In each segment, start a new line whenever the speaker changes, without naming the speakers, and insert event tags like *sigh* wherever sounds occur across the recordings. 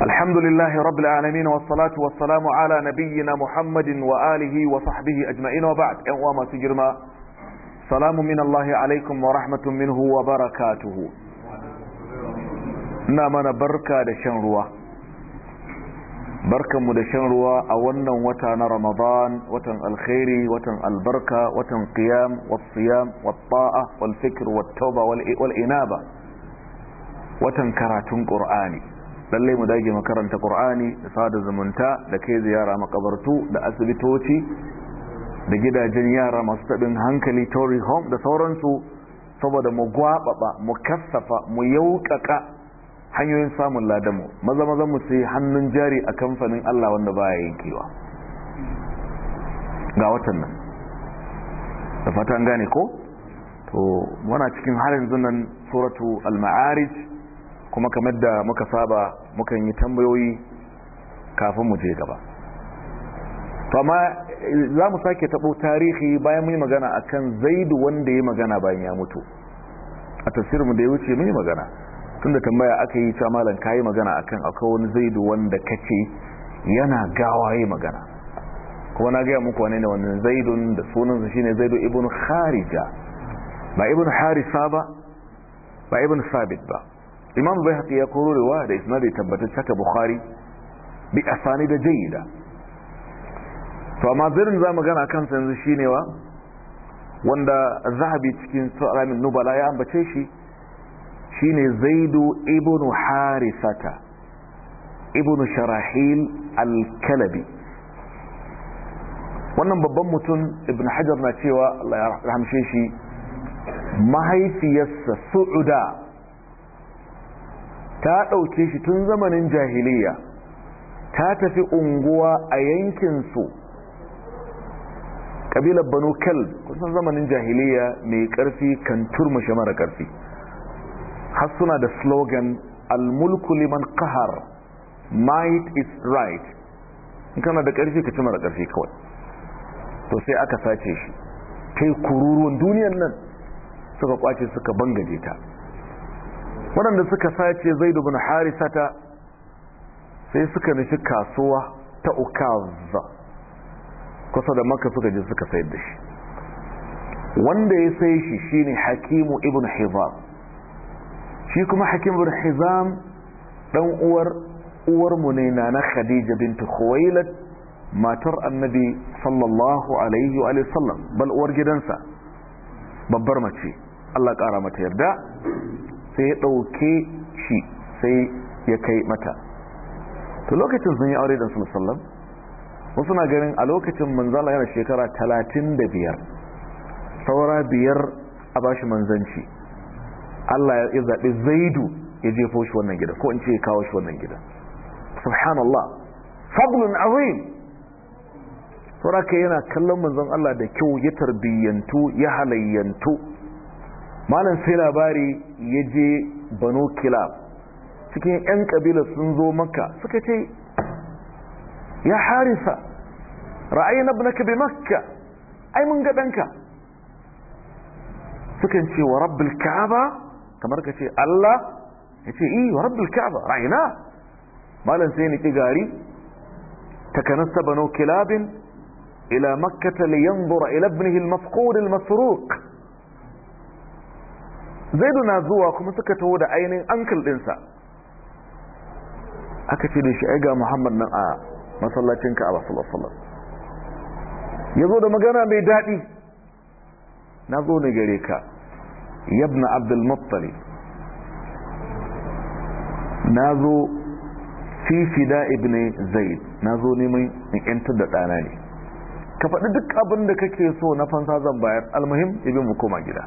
الحمد لله رب العالمين والصلاة والسلام على نبينا محمد وآله وصحبه أجمعين وبعد أنواما سجرما سلام من الله عليكم ورحمة منه وبركاته نامنا بركة دشان روا بركة مدشان روا أولا وتن رمضان وتن الخير وتن البركة وتن قيام والصيام والطاعة والفكر والتوبة والإنابة وتن كراتون قرآني lallai mu dage makaranta qur'ani da sada zumunta da kai ziyara makabartu da asibitoci da gidajen yara masu tabin hankali tory home da sauransu saboda mu gwababa mu kassafa mu yaukaka hanyoyin samun ladamu maza maza mu sai hannun jari a kamfanin Allah wanda baya yankewa ga watan nan da fatan gane ko to muna cikin har yanzu suratu al-ma'arij kuma kamar da muka saba mukan yi tambayoyi kafin mu je gaba amma eh, za mu sake taɓo tarihi bayan mun yi magana akan zaidu wanda ya magana bayan ya mutu a tafsirin mu da ya wuce mun yi magana tunda tambaya aka yi cewa malam kai magana akan akwai wani zaidu wanda kace yana gawa gawaye magana kuma na gaya muku wani ne wannan zaidun da sunansa shine zaidu ibn kharija ba ibn harisa ba ba ibn sabit ba imam bai ya koro riwaya da isnadi tabbatar ka bukhari bi asani da jayida to amma zirin za magana kansa yanzu ne wa wanda zahabi cikin tsaramin nubala ya ambace shi Shi ne zaidu Ibn harisata Ibn sharahil al-kalabi wannan babban mutum ibn hajar na cewa Allah ya rahamshe shi mahaifiyarsa su'uda ta ɗauke shi tun zamanin jahiliya ta tafi unguwa a yankin su. ƙabilar banu kal kusan zamanin jahiliya mai ƙarfi kan turmushe mara ƙarfi har suna da slogan almulku liman kahar might is right in kana da ƙarfi ka ci mara ƙarfi kawai to sai aka sace shi ta yi kururuwan duniyar nan suka kwace suka bangaje ta waɗanda suka sace zaidu bin harisata sai suka nufi kasuwa ta ukaz kusa da maka suka je suka sayar da shi wanda ya sai shi shine hakimu ibn hizam shi kuma hakim ibn hizam dan uwar uwar mu ne na khadija Binta khuwailid matar annabi sallallahu alaihi wa sallam bal uwar gidansa babbar mace Allah ƙara mata yarda sai ya ɗauke shi sai ya kai mata to lokacin sun yi aure da sun sallam wasu suna ganin a lokacin manzala yana shekara talatin da biyar saura biyar a bashi manzanci Allah ya zaɓi zaidu ya jefo shi wannan gida ko in ce kawo shi wannan gida subhanallah fadlun azim saura ka yana kallon manzon Allah da kyau ya tarbiyyantu ya halayyantu malam sai labari ya je banu kilab cikin 'yan kabila sun zo maka suka ce ya harisa ra'ayi na binaka bai makka ai mun gadanka sukan ce wa rabbil ka'aba kamar ka ce Allah ya ce iya wa rabbil ka'aba ra'ayina malam sai ni gari takanasta banu kilabin ila makkata liyanzura ila ibnihi al-mafqud al-masruq zaidu na zuwa kuma suka taho da ainihin ankil ɗinsa aka ce da shi ga muhammad nan a masallacin wasu sallallahu ya zo da magana mai daɗi na zo na gare ka yabna abdul na zo fi fida ibn zaid na zo neman in yantar da ɗana ne ka faɗi duk abin da kake so na fansa zan bayar almahim ibin mu koma gida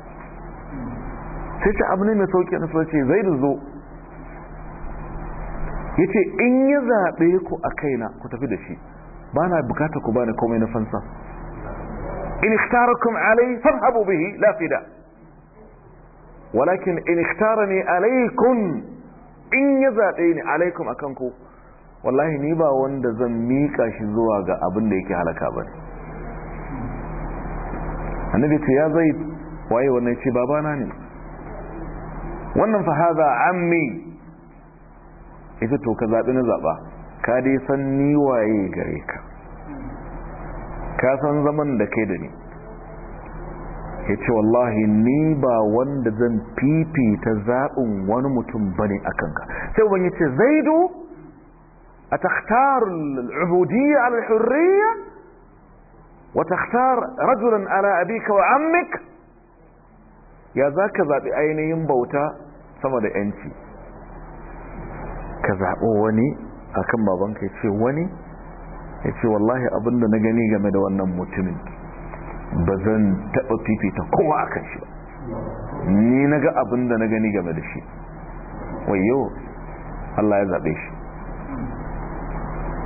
sai ta abu ne mai sauƙi na sauce zai da zo ya ce in ya zaɓe ku a kaina ku tafi da shi ba na bukata ku ba da komai na fansa in ikhtarakum alai Habu bihi lafida walakin in ikhtarani alaikum in ya zaɓe ni alaikum akan ku wallahi ni ba wanda zan miƙa shi zuwa ga abin da yake halaka ba annabi ce ya zai waye wannan ce babana ne wannan fa haza ammi ita to ka zaɓi na zaɓa ka dai san ni waye gare ka ka san zaman da kai da ni ya ce wallahi ni ba wanda zan fifita zaɓin wani mutum ba ne a kanka sai wani ce zaidu a takhtar al'ubudiyya al'urriya wa takhtar rajulan ala abika wa ammik ya za ka zaɓi ainihin bauta sama da yanci ka zaɓo wani akan babanka ya ce wani ya ce wallahi abinda na gani game da wannan mutumin ba zan taɓa fifita kowa kan shi ba ni na ga abinda na gani game da shi wayo Allah ya zaɓe shi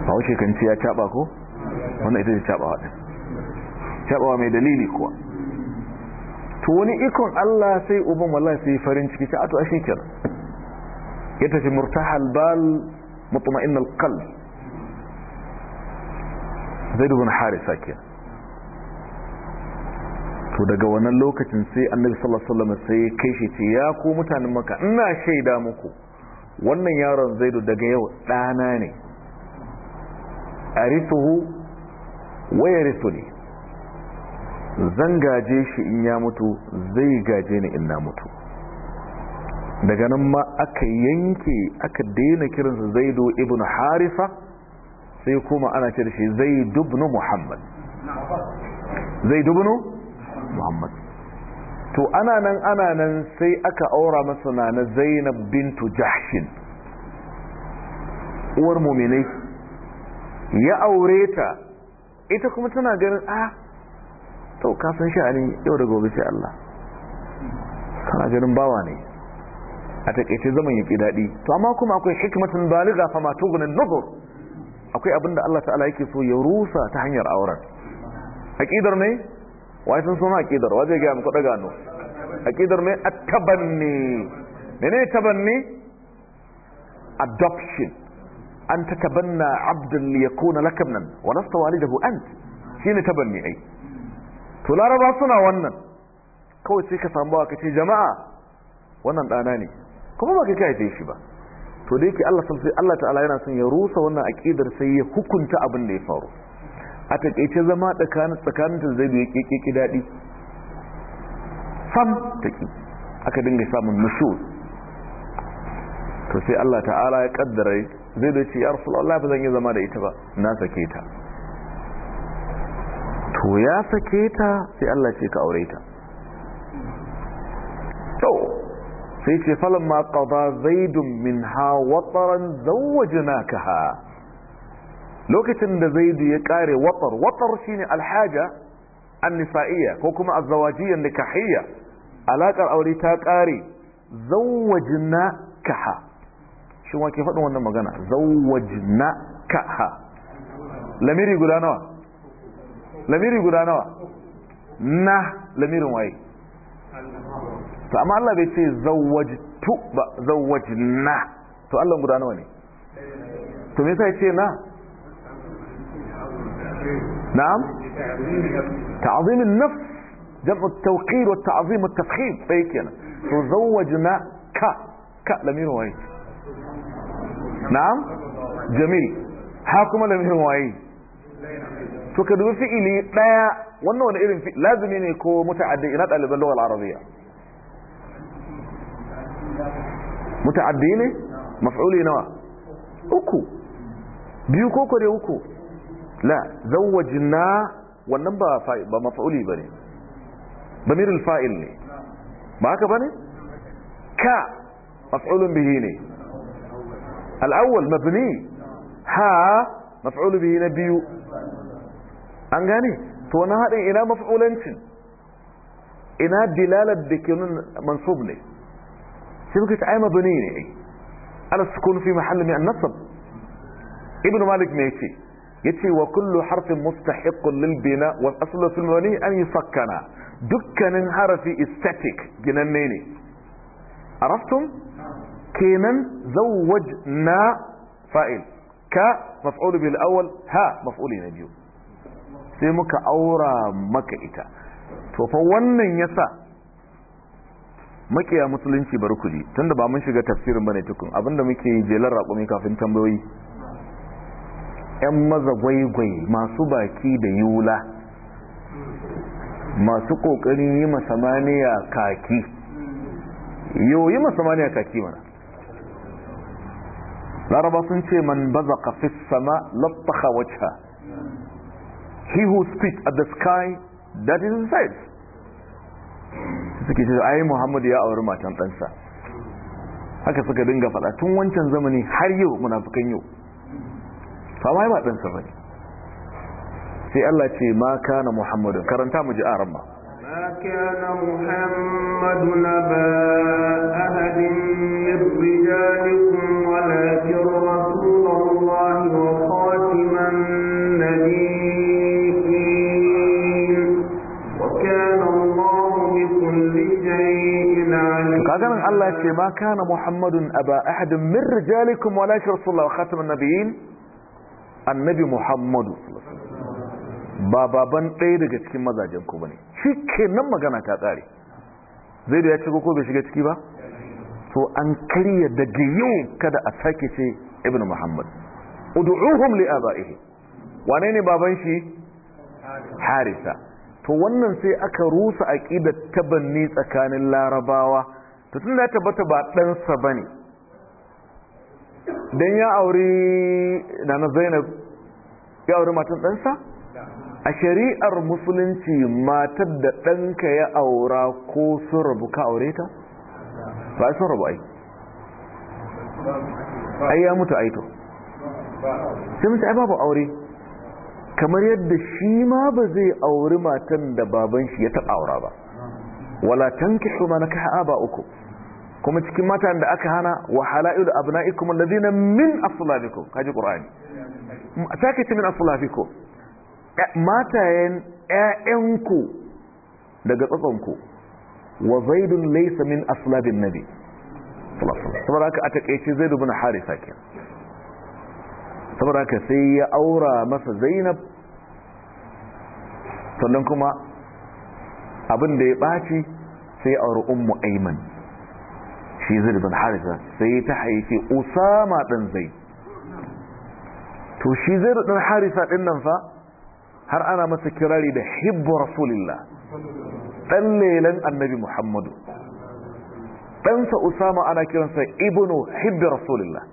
ba wuce kan ya caɓa ko wanda ita ce caɓawa ɗin caɓawa mai dalili kuwa to wani ikon Allah sai uban wallahi sai farin ciki sai ato ashe kenan ya tafi murtahal bal mutma'in al qalb zaid ibn harisa kenan to daga wannan lokacin sai annabi sallallahu alaihi wasallam sai kai shi ce ya ku mutanen maka ina shaida muku wannan yaron zaidu daga yau dana ne arisuhu wa yarithuni zan gaje shi in ya mutu zai gaje ni in na mutu daga nan ma aka yanke aka daina kiransa zaido ibn harifa sai kuma ana ce shi zai ibn muhammad
Zai ibn
muhammad to ana nan ana nan sai aka aura masa na zainab bintu jahshin uwar muminai ya aure ta ita kuma tana ganin ah to kasan sha'ani yau da gobe sai Allah kana ganin bawa ne a takaice zaman yake daɗi to amma kuma akwai hikmatun baliga fa ma tughni nuzur akwai abin da Allah ta'ala yake so ya rusa ta hanyar auren aqidar ne wai sun sona aqidar wai zai ga muku daga gano aqidar ne at-tabanni menene tabanni adoption an tatabanna abdan yakuna lakamnan wa lasta walidahu ant shine tabanni ai to laraba suna wannan kawai sai ka samu ka ce jama'a wannan ɗana ne kuma ba ka kai haife shi ba to da yake Allah sai Allah ta'ala yana son ya rusa wannan aqidar sai ya hukunta abin da ya faru a takeice zama tsakanin tsakanin zai yake kike dadi sam take aka dinga samun nushur to sai Allah ta'ala ya kaddara zai da ce ya rasulullahi ba zan yi zama da ita ba na sake ta to ya sake ta sai Allah ce ka aure ta to sai ce falamma qada zaidun minha wataran zawwajnakaha lokacin da zaidu ya kare watar watar shine alhaja Nisa'iya ko kuma azwajiyya nikahiyya alakar aure ta kare zawwajnakaha shin wa faɗin wannan magana zawwajnakaha lamiri guda nawa lamiri guda nawa na lamirin waye to amma Allah bai ce zawwajtu ba na? to Allah guda nawa ne to me yasa ce na na'am ta'zim an-nafs jam'u at-tawqir wa ta'zim at-tafkhim sai kenan to zawwajna ka ka lamirin waye na'am jamil ha kuma lamirin waye to ka dubi fi'ili daya wannan wani irin fi lazimi ne ko muta'addi ina ɗaliban lughal arabiyya muta'addi ne maf'uli nawa uku biyu ko kore uku la zawajna wannan ba fa'il ba maf'uli bane damir al-fa'il ne ba haka bane ka maf'ulun bihi ne al-awwal mabni ha maf'ul bihi nabiyu an gane to wannan haɗin ina mafulancin ina dilalar da ke nun mansub ne sai muka ce ai mabani ne ai ala sukun fi mahallin mai annasab ibn malik me yace yace wa kullu harfin mustahiqqun lil bina wal aslu fil mabani an yusakkana dukkanin harafi aesthetic ginanne ne araftum kenan zawwajna fa'il ka maf'ul bil awwal ha maf'ul na biyu sai muka aura maka ita to fa wannan yasa makiya musulunci barkuli tunda ba mun shiga tafsirin bane tukun abinda muke jelar raƙumi kafin tambayoyi yan maza gwaigwai masu baki da yula masu ƙoƙarin yi masamaniya kaki yi masamaniya kaki mana laraba sun ce man baza kafin sama lattaka wacce he who spits at the sky that is his suke ce ai Muhammadu ya auri matan ɗansa haka suka dinga faɗa tun wancan zamani har yau munafikan yau fama ba ɗansa ba ne sai Allah ce ma kana Muhammadu karanta mu ji a ramma ma
kana Muhammadu na ba
kaganin Allah ya ce ma kana Muhammadun aba ahadin min rijalikum walakin rasulullah wa khatamin nabiyyin annabi Muhammadu ba baban ɗaya daga cikin mazajen ku bane nan magana ta tsare zai da ya shigo ko bai shiga ciki ba to an karya daga yau kada a sake ce ibnu Muhammad ud'uhum li abaihi wane ne baban shi harisa to wannan sai aka rusa aqidar tabanni tsakanin larabawa to tun da ya tabbata ba ɗansa ba ne don ya auri na na zainab ya auri matan ɗansa a shari'ar musulunci matar da ɗanka ya aura ko sun rabu ka aure ta ba sun rabu ai ai ya mutu aito sai mutu ai babu aure kamar yadda shi ma ba zai auri matan da baban shi ya taɓa aura ba wala tankihu ma ba uku. kuma cikin matan da aka hana wa halailu abna'ikum alladhina min aslabikum kaji qur'ani sake ce min aslabikum matayen ƴaƴanku daga tsatsanku wa zaidun laisa min aslabin nabi saboda haka a takeice zaidu bin harisa ke saboda haka sai ya aura masa zainab sannan kuma abin da ya ɓaci sai ya auri ummu aiman shi zai bin harisa sai ta haifi usama ɗin zai to shi zai ɗin harisa ɗin nan fa har ana masa kirari da hibbu rasulillah ɗan lelen annabi muhammadu ɗansa usama ana kiransa ibnu hibbi rasulillah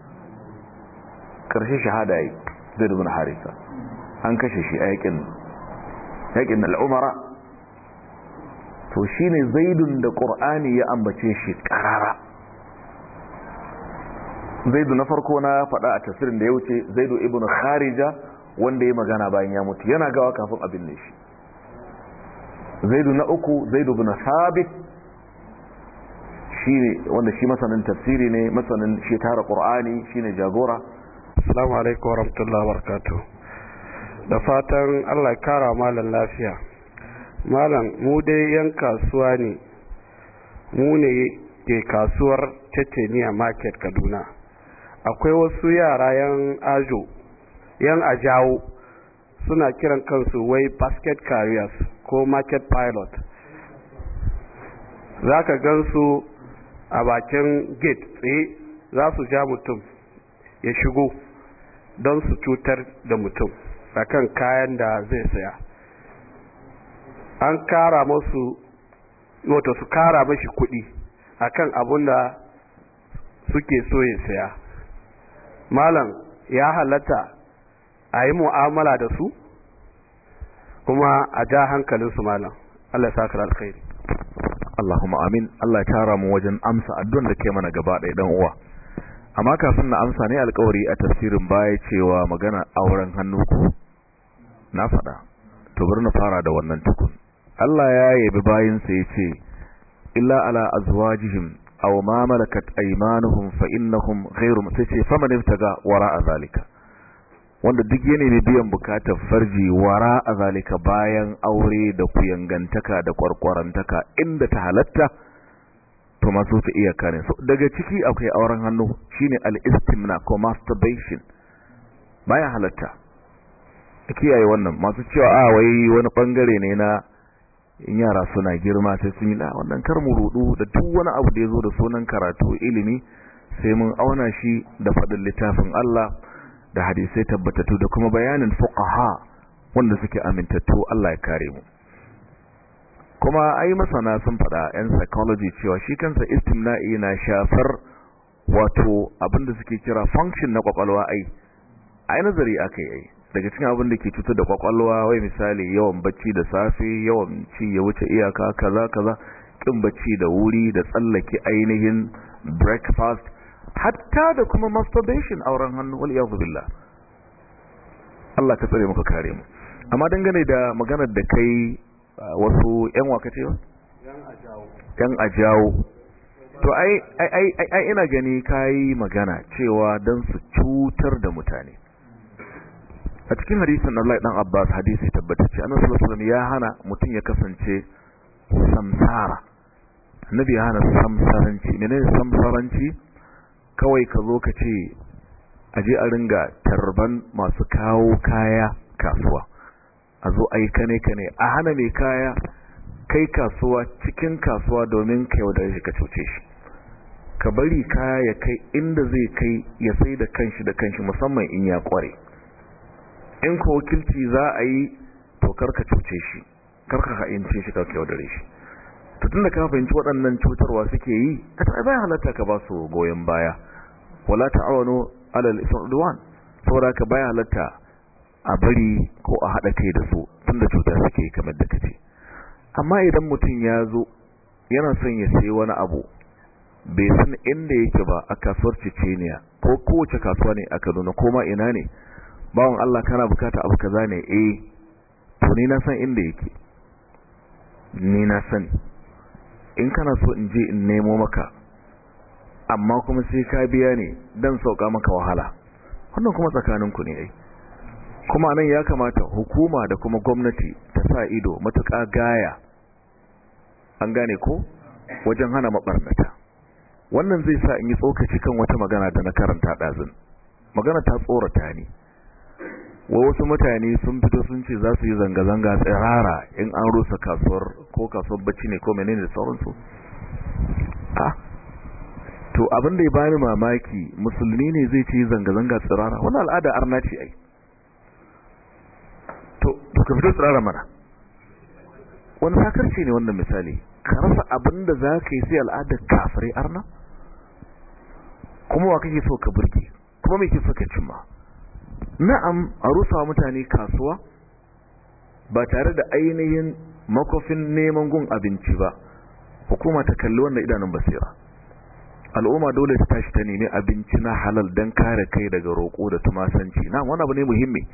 ƙarshe shahada yi zai bin harisa an kashe shi a yakin yakin al'umara to shine zaidun da ƙur'ani ya ambace shi ƙarara zaidu na farko na faɗa a tasirin da ya wuce zaidu ibn kharija wanda ya magana bayan ya mutu yana gawa kafin abin ne shi zaidu na uku zaidu bin sabit shi ne wanda shi masanin tafsiri ne masanin shi tara qur'ani shi ne jagora
assalamu alaikum warahmatullahi wabarakatuh da fatan Allah ya kara malam lafiya malam mu dai yan kasuwa ne mu ne ke kasuwar Tetenia Market Kaduna akwai wasu yara yan ajo yan ajawo suna kiran kansu wai basket carriers ko market pilot za ka gansu a bakin gate tsaye za su ja mutum ya shigo don su cutar da mutum akan kayan da zai saya an kara musu wato su kara mashi kuɗi akan abun da suke so ya saya malam ya halatta a yi mu'amala da su kuma a ja su malam Allah ya alkhairi
Allahumma amin Allah ya tara mu wajen amsa addu'an da kai mana gaba ɗaya dan uwa amma kafin na amsa ne alƙawari a tafsirin baya cewa magana auren hannu ku na faɗa to bari na fara da wannan tukun Allah ya yabi bayinsa yace illa ala azwajihim aw ma malakat aymanuhum fa innahum ghayru tace faman ibtaga wara'a zalika wanda duk yana biyan bukatar farji wara a zalika bayan aure da kuyangantaka da kwarkwarantaka inda ta halatta to masu ta iya kare su daga ciki akwai auren hannu shine al-istimna ko masturbation baya halatta kiyaye wannan masu cewa a wai wani bangare ne na in yara suna girma sai sun yi da ah, wannan kar mu rudu da duk wani abu da ya zo da sunan karatu ilimi sai mun auna shi da faɗin littafin Allah da hadisai tabbatattu da kuma bayanin fuqaha wanda suke amintattu Allah ya kare mu kuma ai masana sun faɗa yan psychology cewa shi kansa istimna'i na shafar wato abinda suke kira function na kwakwalwa ai ai nazari akai ai daga cikin abin da ke cutar da kwakwalwa wai misali yawan bacci da safe yawan ci ya wuce iyaka kaza kaza kin bacci da wuri da tsallake ainihin breakfast hatta da kuma masturbation auren hannu wal iyadu billah Allah ka tsare muka kare mu amma dangane da maganar da kai uh, wasu yan waka ce yan ajawo to ai ai ai ina gani kai magana cewa dan su cutar da mutane a cikin hadisin Allah dan Abbas hadisi ce annabi sallallahu alaihi wasallam ya hana mutum ya kasance samsara annabi ya hana samsaranci menene samsaranci kawai ka zo ka ce a je a ringa tarban masu kawo kaya kasuwa a zo ai kane kane a hana mai kaya kai kasuwa cikin kasuwa domin ka yaudare shi ka cuce shi ka bari kaya ya kai inda zai kai ya sai da kanshi da kanshi musamman in ya kware in ko wakilci za a yi to karka cuce shi karka ha'ince shi karka yaudare shi to tunda ka fahimci waɗannan cutarwa suke yi ka ta bayan halatta ka ba su goyon baya wala ta'awanu alal ism udwan saboda ka bayan halatta a bari ko a haɗa kai da su tunda cuta suke yi kamar da kace amma idan mutum ya zo yana son ya sayi wani abu bai san inda yake ba a kasuwar Cecenia ko kowace kasuwa ne a Kaduna ko ma ina ne Bawan Allah kana bukata abu kaza ne eh to ni na san inda yake ni na san in kana so in je in nemo maka amma kuma sai ka biya ni dan sauka maka wahala wannan kuma tsakaninku ne ai kuma nan ya kamata hukuma da kuma gwamnati ta sa ido matuƙa gaya an gane ko wajen hana mabarnata wannan zai sa in yi tsokaci kan wata magana da na karanta dazin magana ta tsorata ne wa wasu mutane sun fito sun ce za su yi zanga-zanga tsirara in an rusa kasuwar ko kasuwar bacci ne ko menene da sauransu ah to abin da ya bani mamaki musulmi ne zai ce zanga-zanga tsirara wani al'ada arna ce ai to to ka fito tsirara mana wani sakarci ne wannan misali ka rasa abin da za ka yi sai al'adar kafirai arna kuma wa kake so ka burge kuma me kake so ka cimma na'am a rusa mutane kasuwa ba tare da ainihin makofin neman gun abinci ba hukuma ta kalli wannan idanun basira al'umma dole ta tashi ta nemi abinci na halal don kare kai daga roƙo da tumasanci na wani abu ne muhimmi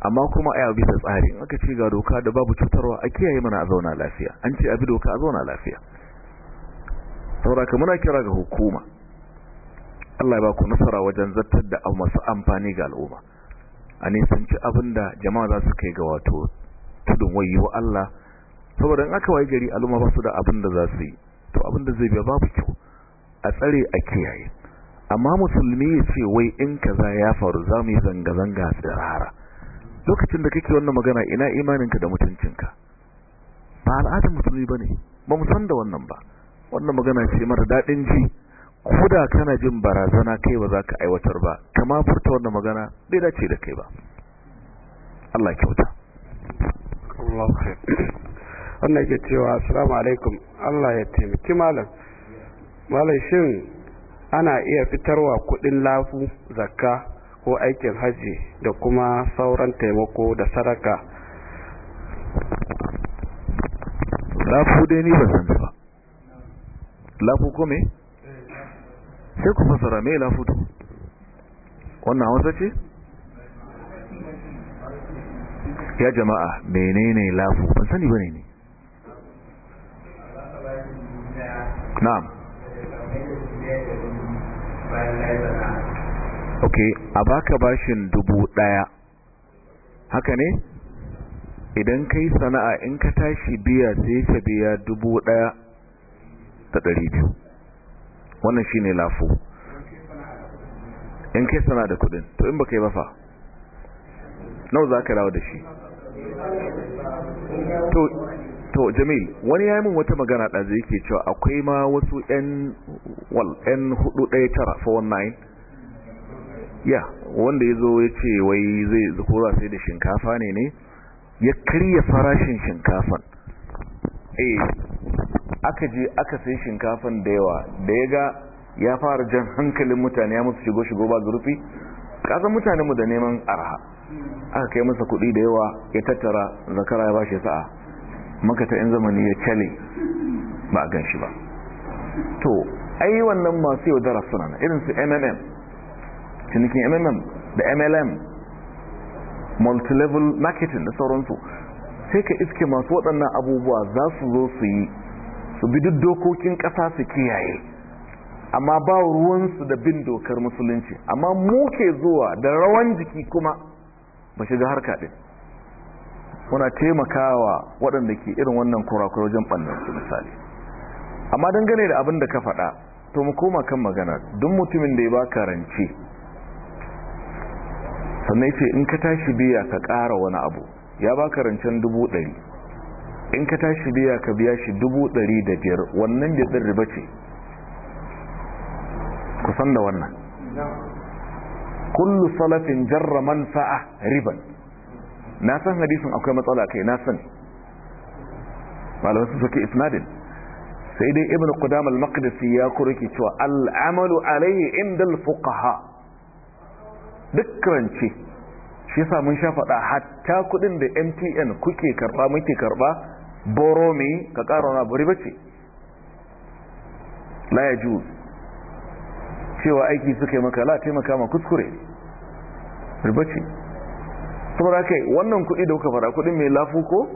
amma kuma a yabi tsari in aka ce ga doka da babu cutarwa a kiyaye mana a zauna lafiya an ce abi doka a zauna lafiya sauraka muna kira ga hukuma Allah ya ba ku nasara wajen zartar da masu amfani ga al'umma a ci abin da jama'a za su kai ga wato tudun wayi wa Allah saboda in aka wayi gari al'umma ba su da abin da za su yi to abin da zai biya babu kyau a tsare a kiyaye amma musulmi ya ce wai in kaza ya faru za mu yi zanga-zanga tsirara lokacin da kake wannan magana ina imaninka da
mutuncinka
ba al'adar musulmi ba ne ba mu san da wannan ba wannan magana ce mara daɗin ji koda kana jin barazana kai ba za ka aiwatar ba kama furta wannan magana bai dace da kai ba Allah ya kyauta
Allah khair wannan yake cewa assalamu alaikum Allah ya taimaki malam malam shin ana iya fitarwa kudin lafu zakka ko aikin haji da kuma sauran taimako da sadaka lafu dai ni ban san ba
lafu ko me sai ku fasara mai lafutu wannan hausa ce ya jama'a menene lafu ban sani bane ne na'am ok a baka bashin dubu daya haka ne idan kai sana'a in ka tashi biya sai ka biya dubu daya da dari biyu wannan shine lafu in kai sana da kudin to in baka yi ba fa nawa za ka rawa da shi to to jamil wani ya yi min wata magana zai ke cewa akwai ma wasu yan wal yan hudu ɗaya tara 419 ya wanda ya zo ya ce wai zai zukura sai da shinkafa ne ne ya karya farashin shinkafan eh aka je aka sai shinkafan da yawa da ya ga ya fara jan hankalin mutane ya musu shigo-shigo ba zurfi mutane mu da neman arha aka kai masa kuɗi da yawa ya tattara zakara ya ba shi sa'a ta in zamani ya cale ba a ganshi ba to ai wannan masu yaudara suna na su mmm cinikin mmm da mlm multilevel marketing da sauransu sai ka iske masu waɗannan abubuwa za su zo su yi su bi duk dokokin ƙasa su kiyaye amma ba ruwansu da bin dokar musulunci amma mu ke zuwa da rawan jiki kuma ba shiga harka ɗin muna taimakawa waɗanda ke irin wannan kurakurai wajen ɓannan su misali amma dangane da abin da ka faɗa to mu koma kan magana duk mutumin da ya baka rance sannan ce in ka tashi biya ka ƙara wani abu ya baka rancen dubu ɗari in ka tashi biya ka biya shi dubu ɗari da biyar wannan biyar riba ce kusan da wannan kullu salafin jarra sa'a riban na san hadisin akwai matsala kai na sani malamai sun isnadin sai dai ibn qudam al-maqdisi ya kurki cewa al'amalu alayhi inda al-fuqaha dukkan ce shi yasa mun sha hatta kudin da MTN kuke karba muke karba boro me ka ƙara wani abu riba ce la ya ju cewa aiki suka yi maka la taimaka ma kuskure riba ce saboda kai wannan kuɗi da kuka fara kuɗin mai lafu ko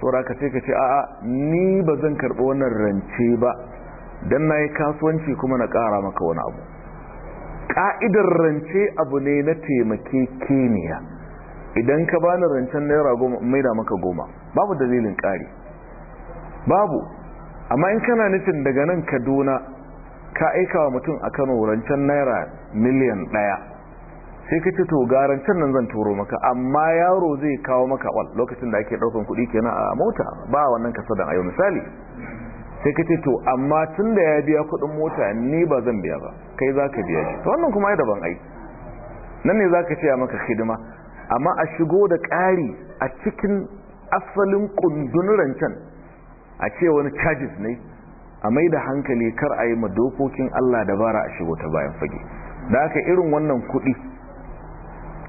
saboda ka ce ka ce a'a ni ba zan karɓi wannan rance ba don na yi kasuwanci kuma na ƙara maka wani abu ƙa'idar rance abu ne na keniya. idan ka bani rancen naira goma maida maka goma babu dalilin ƙari babu amma in kana nufin daga nan kaduna ka aika wa mutum a kano rancen naira miliyan ɗaya sai ka ce to ga rancen nan zan turo maka amma yaro zai kawo maka wal lokacin da ake ɗaukan kuɗi kenan a mota ba wannan kasadan a yau misali sai ka ce to amma tun da ya biya kuɗin mota ni ba zan biya ba kai za ka biya shi wannan kuma ya daban ai nan ne za ka ce maka hidima amma a shigo da ƙari a cikin asalin ƙundun rancen a ce wani charges ne a mai da hankali kar a yi madokokin Allah da dabara a shigo ta bayan fage da aka irin wannan kuɗi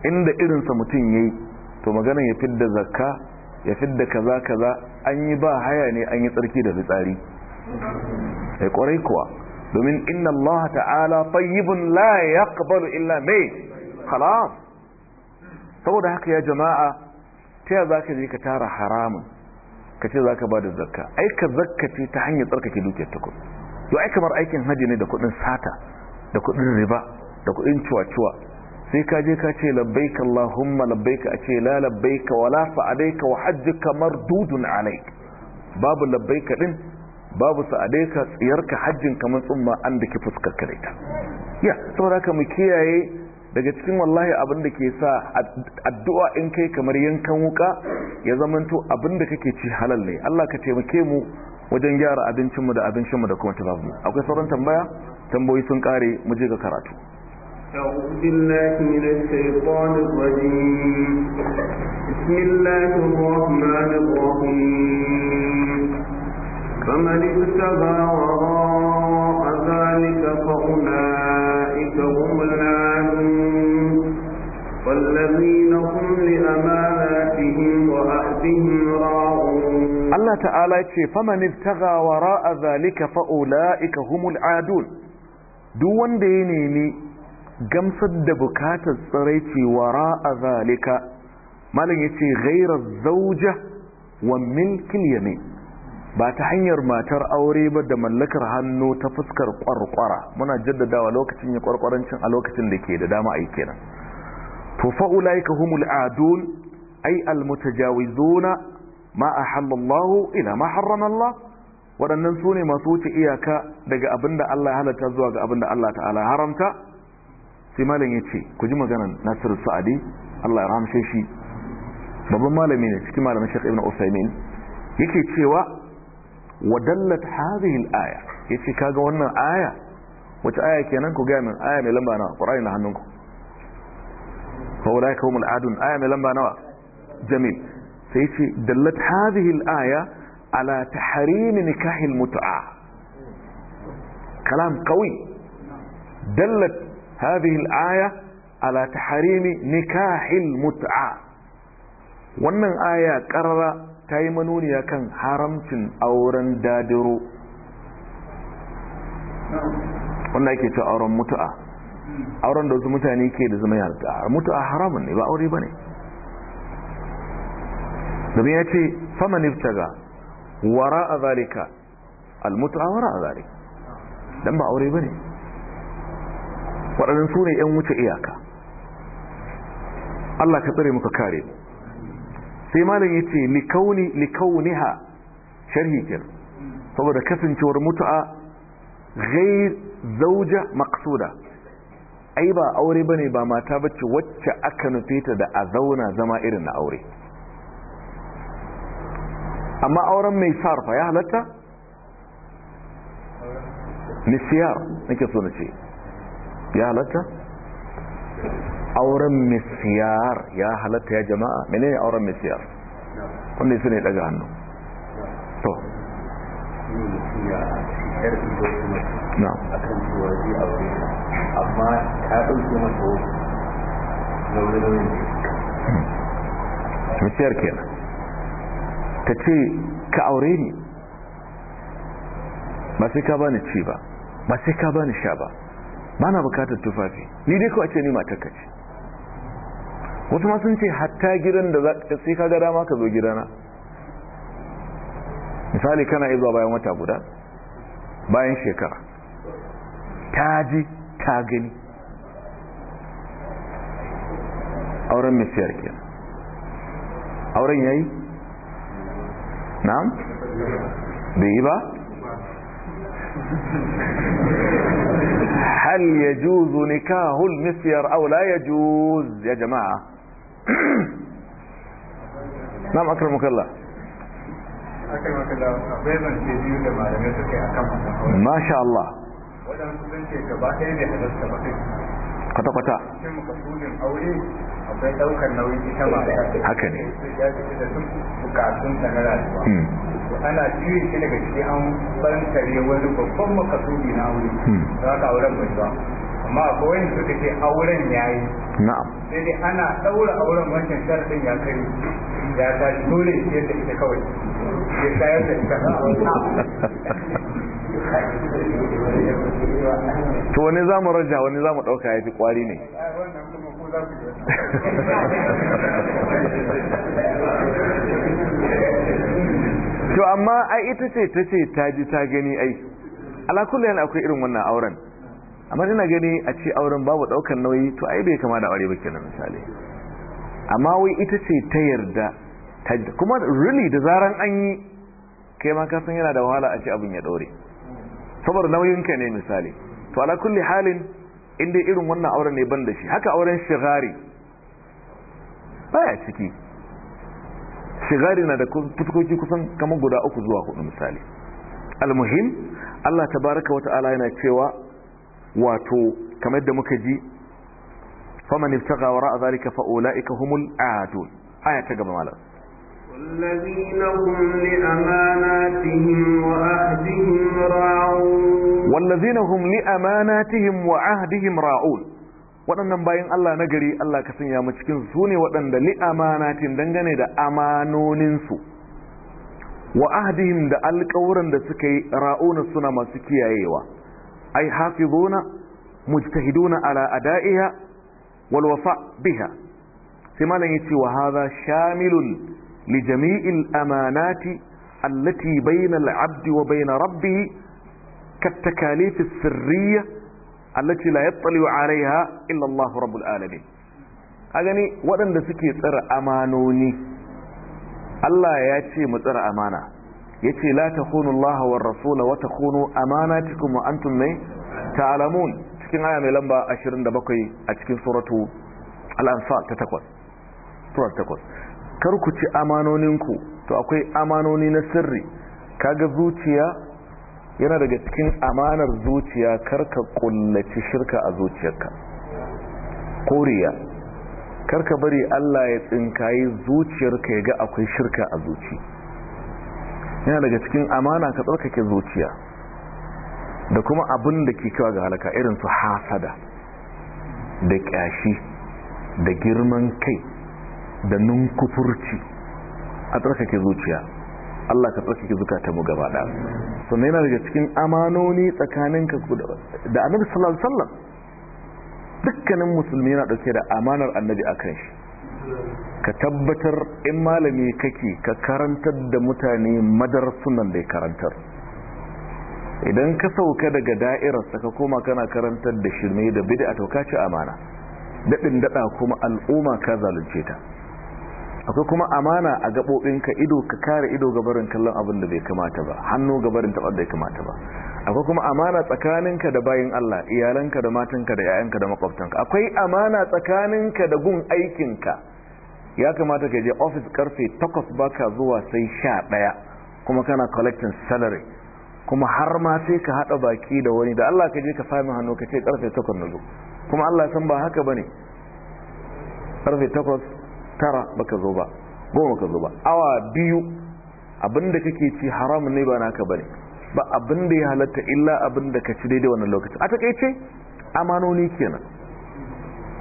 inda irinsa mutum ya yi to magana ya fidda zakka ya fidda kaza kaza an yi ba haya ne an yi tsarki da fitsari sai eh, kwarai kuwa domin inna Allah ta'ala fayyibun la yaqbalu illa mai kala. saboda haka ya jama'a ta ya za ka je ka tara haramun ka ce za ka ba da zakka ai ka zakkace ta hanyar tsarkake dukiyar ta kuɗi yau ai kamar aikin hajji ne da kuɗin sata da kuɗin riba da kuɗin cuwa-cuwa sai ka je ka ce labbaika Allahumma labbaika a ce la labbaika wala fa'adaika wa hajjuka mardudun alaik babu labbaika din babu sa'adaika tsiyarka hajjin kamar tsumma an da ki fuskar ka da ya saboda haka mu kiyaye daga cikin wallahi abin da ke sa addu'a in kai kamar yankan wuka ya zamanto abin da kake ci halal ne Allah ka taimake mu wajen gyara abincinmu da abincinmu da kuma tufafinmu akwai sauran tambaya tambayoyi sun kare mu je ga karatu
فمن وراء ذلك فأولئك هم العادون والذين هم لأماناتهم وعهدهم راعون
الله تعالى يتشي فمن ابتغى وراء ذلك فأولئك هم العادون دون دينيني ya الدبكات gamsar da bukatar ما wara a zalika malin ya ce gairar zauja wa milkin yamin ba ta hanyar matar aure ba da mallakar hannu ta fuskar kwarkwara muna jaddadawa lokacin ya kwarkwarancin a lokacin da ke da dama a yi kenan to ka humul mul'adun ai al zona ma a ahallallahu ina ma harrama Allah waɗannan su ne masu wuce iyaka daga abin da Allah ya halatta zuwa ga abin da Allah ala haramta sai malam ya ce ku ji maganan nasiru sa'adi Allah ya ramshe shi babban malami ne cikin malamin ibn usaimin yake cewa wadallat hadhihi al-aya yace kaga wannan aya wace aya kenan ku ga min aya mai lamba nawa qur'ani na hannun hannunku fa ulaika humul adun aya mai lamba nawa jamil sai yace dallat hadhihi al-aya ala tahrim nikah al-mut'a kalam qawi dallat hadhihi al-aya ala tahrim nikah al-mut'a wannan aya qarra ta yi manuniya kan haramcin auren dadiro wanda ake ce auren mutu'a auren da wasu mutane ke da zama yarda mutu'a haramun ne ba aure ba ne domin ya ce fama nifta ga wara a zalika almutu'a wara a zalika don ba aure ba ne waɗannan su ne 'yan wuce iyaka Allah ka tsere muka kare mu sai malam yace likauni likauniha sharhi kenan saboda kasancewar mutu'a gai zauja maksuda ai ba aure bane ba mata ba ce wacce aka nufe ta da a zauna zama irin na aure amma auren mai sarfa ya halatta nisiyar nake so na ce ya halatta auren misiyar ya halatta ya jama'a menene auren misiyar wanda su ne daga hannu to
misiyar ke nan kenan
ta ce ka aure ni ba sai ka bani ci ba ba sai ka bani sha ba ba na bukatar tufafi ni dai kawai ce ni matakaci. wasu ma sun ce hatta gidan da sai ka ga dama ka zo gidana misali kana izuwa bayan wata guda bayan shekara ta ji ta gani auren misiyar ke auren ya yi na'am bai yi ba hal ya juzu nikahul misiyar aula ya juz ya jama'a *clears throat* na'am akramuka Allah masha Allah kwata-kwata
akwai daukar ita haka ne da sun bukatun ta rayuwa hmm. ana daga an bantare wani babban makasudi
na hmm. auren mai ba amma akwai wani suka ce auren ya yi na'am sai dai ana ɗaura auren wancan sharadin ya kai ya ta dole ce da ita
kawai ya sayar da ita
to wani za mu raja wani za mu ɗauka ya fi ƙwari ne to amma ai ita ce ta ce ta ji ta gani ai ala kullu akwai irin wannan auren amma ina gani a ce auren babu daukar nauyi to ai bai kama da aure ba kenan misali amma wai ita ce ta yarda kuma really da zaran an yi kai ma ka san yana da wahala a ce abin ya dore saboda nauyin ka ne misali to ala kulli halin inda irin wannan auren ne ban da shi haka auren shigari baya ciki shigari na da fuskoki kusan kamar guda uku zuwa hudu misali almuhim Allah tabaraka wa ta'ala yana cewa wato kamar da muka ji faman ibtaga wara zalika fa ulaika humul aadun aya ta gaba malam wa هم ra'un. وعهدهم راعون والذين هم wa وعهدهم ra'un waɗannan bayan Allah na gari Allah ka sanya mu cikin su ne waɗanda amanatin dangane da amanoninsu wa ahdihim da alƙawuran da suka yi ra'una suna masu kiyayewa ay hafizuna mujtahiduna ala ada'iha wal wafa biha sai malam yace wa hadha shamilun li jami'in amanati allati bayna al-'abdi wa bayna rabbih كالتكاليف السرية التي لا يطلع عليها إلا الله رب العالمين أغني ودن da suke tsara amanoni Allah ya ce mu tsara amana yace la takunu Allah wa rasul wa kunu amanatikum wa antum mai ta'lamun cikin aya mai lamba 27 a cikin suratu al-anfal ta takwas suratu takwas kar ku ci amanoninku to akwai amanoni na sirri kaga zuciya yana daga cikin amanar zuciya karka kullaci shirka a zuciyarka koriya karka bari Allah ya tsinkayi zuciyarka ya ga akwai shirka a zuciya yana daga cikin amana ka tsarkake zuciya da kuma abin da ke kewa ga halaka irin su hasada da kyashi da girman kai da ninkufurci, a tsarkake zuciya Allah ka tsarkake zukatanmu gaba su sannan yana daga cikin amanoni tsakaninka da annabi sallallahu alaihi wasallam dukkanin musulmi yana dauke da amanar annabi a kan shi ka tabbatar in malami kake ka karantar da mutane madarsunan da ya karantar idan ka sauka daga da'irarsa ka koma kana karantar da shirme da bid'a to ka ci amana daɗin daɗa kuma al'umma ka zalunce ta akwai kuma amana a gaɓoɓinka ido ka kare ido gabarin kallon abin da bai kamata ba hannu gabarin taɓar da ya kamata ba akwai kuma amana tsakaninka da bayin Allah iyalanka da matanka da 'ya'yanka da makwabtanka akwai amana tsakaninka da gun aikinka ya kamata ka je office karfe 8 baka zuwa sai 11 kuma kana collecting salary kuma har ma sai ka hada baki da wani da Allah ka je ka sami hannu ka ce karfe 8 na zo kuma Allah san ba haka bane karfe 8 tara baka zo ba goma ka zo ba awa biyu abinda kake ci haram ne ba naka bane ba abinda ya halatta illa abinda ka ci daidai wannan lokaci a ce, amanoni kenan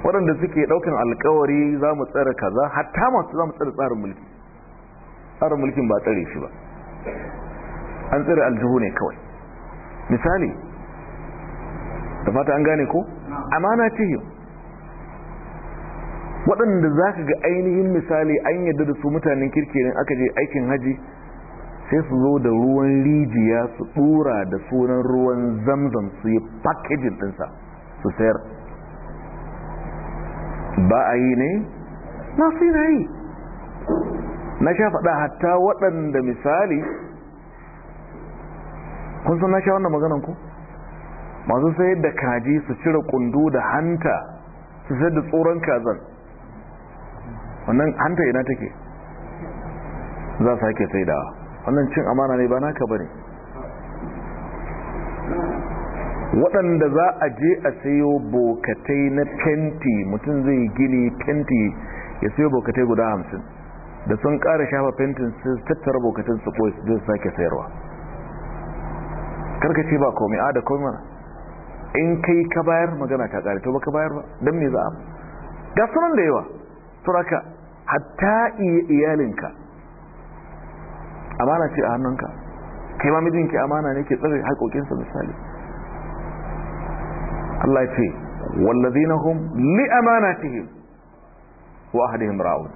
waɗanda suke ɗaukan alkawari za mu tsara kaza hatta masu za mu tsara tsarin mulki tsarin mulkin ba tsare shi ba an tsare aljihu ne kawai misali da fata an gane ko amana ce yi waɗanda za ka ga ainihin misali an yadda da su mutanen kirkirin aka je aikin haji sai su zo da ruwan rijiya su ɗura da sunan ruwan zamzam su yi packaging ɗinsa su sayar ba a yi ne
masu na
yi
na sha faɗa hatta waɗanda misali kun san na sha wannan maganan masu sayar da kaji su cire kundu da hanta su sayar da tsoron kazan wannan hanta ina take za su hake sai da wannan cin amana ne ba naka ba ne waɗanda za a je a sayo bokatai na fenti mutum zai gini fenti ya sayo bokatai guda hamsin da sun ƙara shafa fentin su tattara bokatai su ko zai sake sayarwa karkace ba komai a da mana. in kai ka bayar magana ta ƙari to ba ka bayar ba don me za a ga sunan da yawa suraka hatta iya iyalinka amana ce a hannunka kai ma mijinki amana ne ke tsare haƙoƙinsa misali Allah ce wallazina hum li amanatihim wa ahadihim ra'un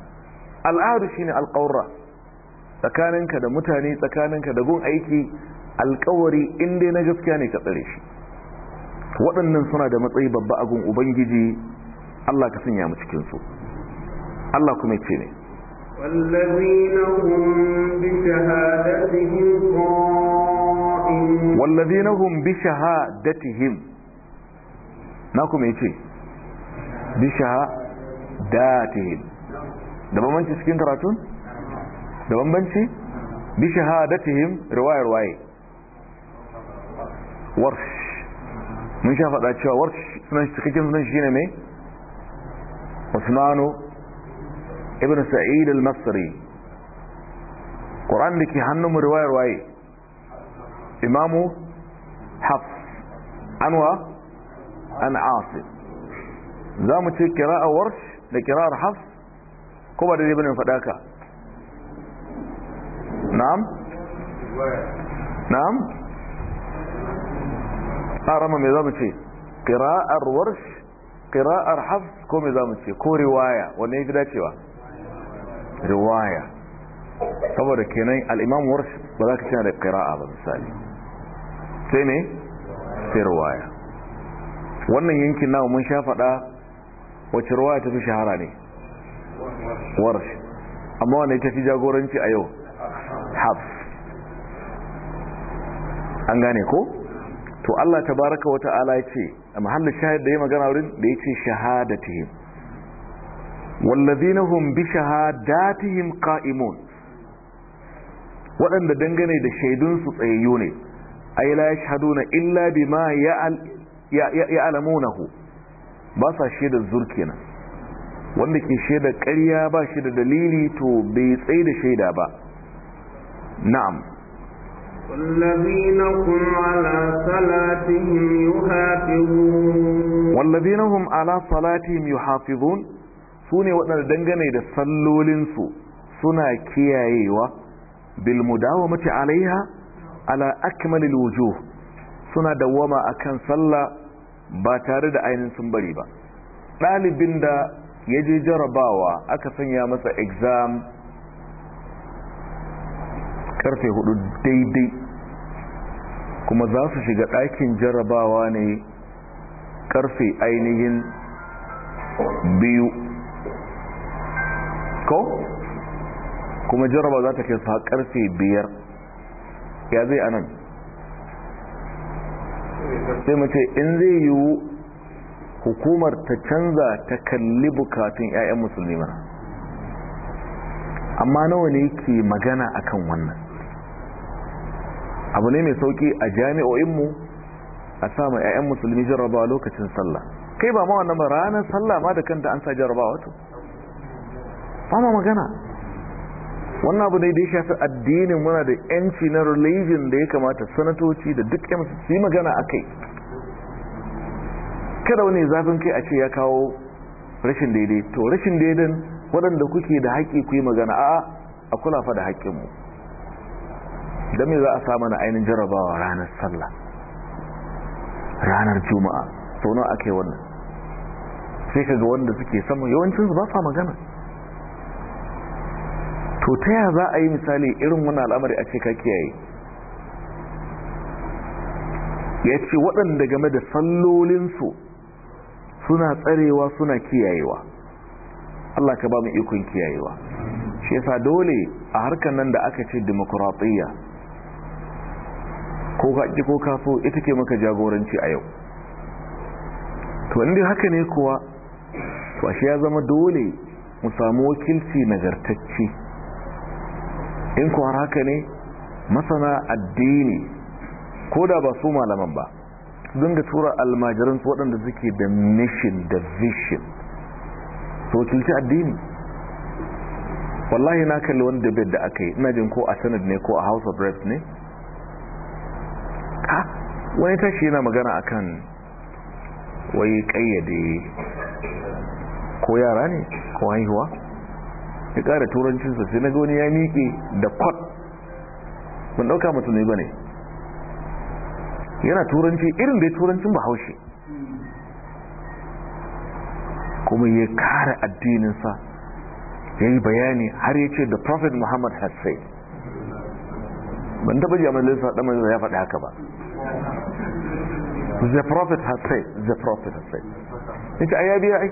al'adu shine alqawra tsakaninka da mutane tsakaninka da gun aiki alƙawari in na gaskiya ne ka tsare shi waɗannan suna da matsayi babba a gun ubangiji Allah ka sanya mu cikin su Allah kuma ya ce ne
والذين هم بشهادتهم قائمون والذين
هم na kuma ya ce bishaha datihim da bambanci cikin karatun da bambanci bishaha datihim riwayar waye warsh mun sha fada cewa warsh sunan cikakken sunan shi ne mai usmanu ibn sa'id al-masri ƙoran da ke hannun riwayar waye imamu hafs anwa an asif za mu ce a warsh da kira'ar haf, ko ba da zai bane faɗa ka na'am na'am a rama mai za mu ce kira'ar warsh kira'ar haf, ko mai za mu ce ko riwaya wanda ya fi dacewa riwaya saboda kenan al'imam warsh ba za ka cina da kira'a ba misali sai ne sai riwaya wannan yankin nawa mun sha faɗa wacce ruwa ta fi shahara ne warsh amma wanda ya tafi jagoranci a yau haf an gane ko to Allah ta wata ala ya ce a mahallin shahid da ya magana wurin da ya ce shahadatihim wallazina hum bi shahadatihim qa'imun waɗanda dangane da shaidunsu tsayayyo ne ay la yashhaduna illa bima ya'al Alamunahu ba sa shaidar zurke nan wanda ke shaidar karya ba shi da dalili to bai tsaye da shaida ba na'am
wallazina hum alasalati salatihim yuhafizun والذين هم على صلاتهم
da sallolinsu suna kiyayewa bil mudawamati alaiha ala akmalil wujuh suna a akan sallah ba tare da ainihin sun bari ba ɗalibin da ya je jarabawa aka sanya masa exam karfe hudu daidai kuma za su shiga ɗakin jarabawa ne karfe ainihin biyu ko kuma jaraba za ta kai su karfe biyar ya zai anan sai mu ce in zai yiwu hukumar ta canza ta kalli bukatun 'ya'yan musulmi amma nawa ne ke magana akan wannan abu ne mai sauki a mu a sama 'ya'yan musulmi jarrabawa lokacin sallah kai ba ma wannan ranar sallah ma da kanta an sa jarrabawa to ba ma magana wannan abu ne da ya shafi addinin muna da yanci na religion da ya kamata sanatoci da duk yamsu su yi magana a kai kada wani zafin kai a ce ya kawo rashin daidai to rashin daidan waɗanda kuke da haƙƙi ku yi magana a a kula fa da haƙƙinmu don me za a samu na ainihin jarabawa ranar sallah ranar juma'a sau nawa kai wannan sai ka ga wanda suke sama yawancinsu ba fa magana to ta yaya za a yi misali irin wani al'amari a ce ka kiyaye ya ce waɗanda game da sallolinsu suna tsarewa suna kiyayewa Allah ka ba mu ikon kiyayewa shi yasa dole a harkar nan da aka ce demokuratiyya ko kaƙi ko kaso ita ke maka jagoranci a yau to inda haka ne kuwa to shi ya zama dole mu samu wakilci nagartacce in kuwa haka ne masana addini ko da ba su malaman ba su dinga tura almajirin su waɗanda suke da mission da vision so kilci addini wallahi na kalli wani debate da aka yi ina jin ko a senate ne ko a house of reps ne ha wani tashi yana magana akan wai kayyade ko yara ne ko haihuwa ya ƙara turancinsa sai na wani ya miƙe da kwat ban ɗauka mutum ne ba ne yana turanci irin da ya turancin bahaushe kuma ya kare addininsa ya yi bayani har ya ce da prophet muhammad has said ban taba jami'ar lissa ɗan mai ya faɗi haka ba the prophet has said the prophet has
said
ya ya ai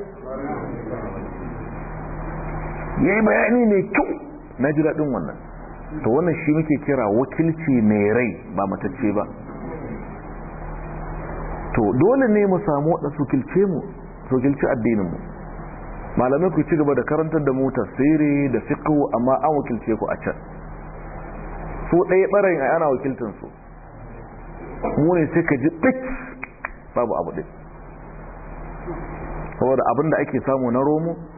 ya yi bayani mai kyau na ji daɗin wannan to wannan shi muke kira wakilci mai rai ba matacce ba to dole ne mu samu waɗa sukilce mu sukilce addininmu malamai ku ci gaba da karantar da mu tafsiri da fiƙo amma an wakilce ku a can su ɗaya ɓarayin a yana wakiltinsu mu ne sai ka ji ɗik babu abu ɗin saboda abin da ake samu na romo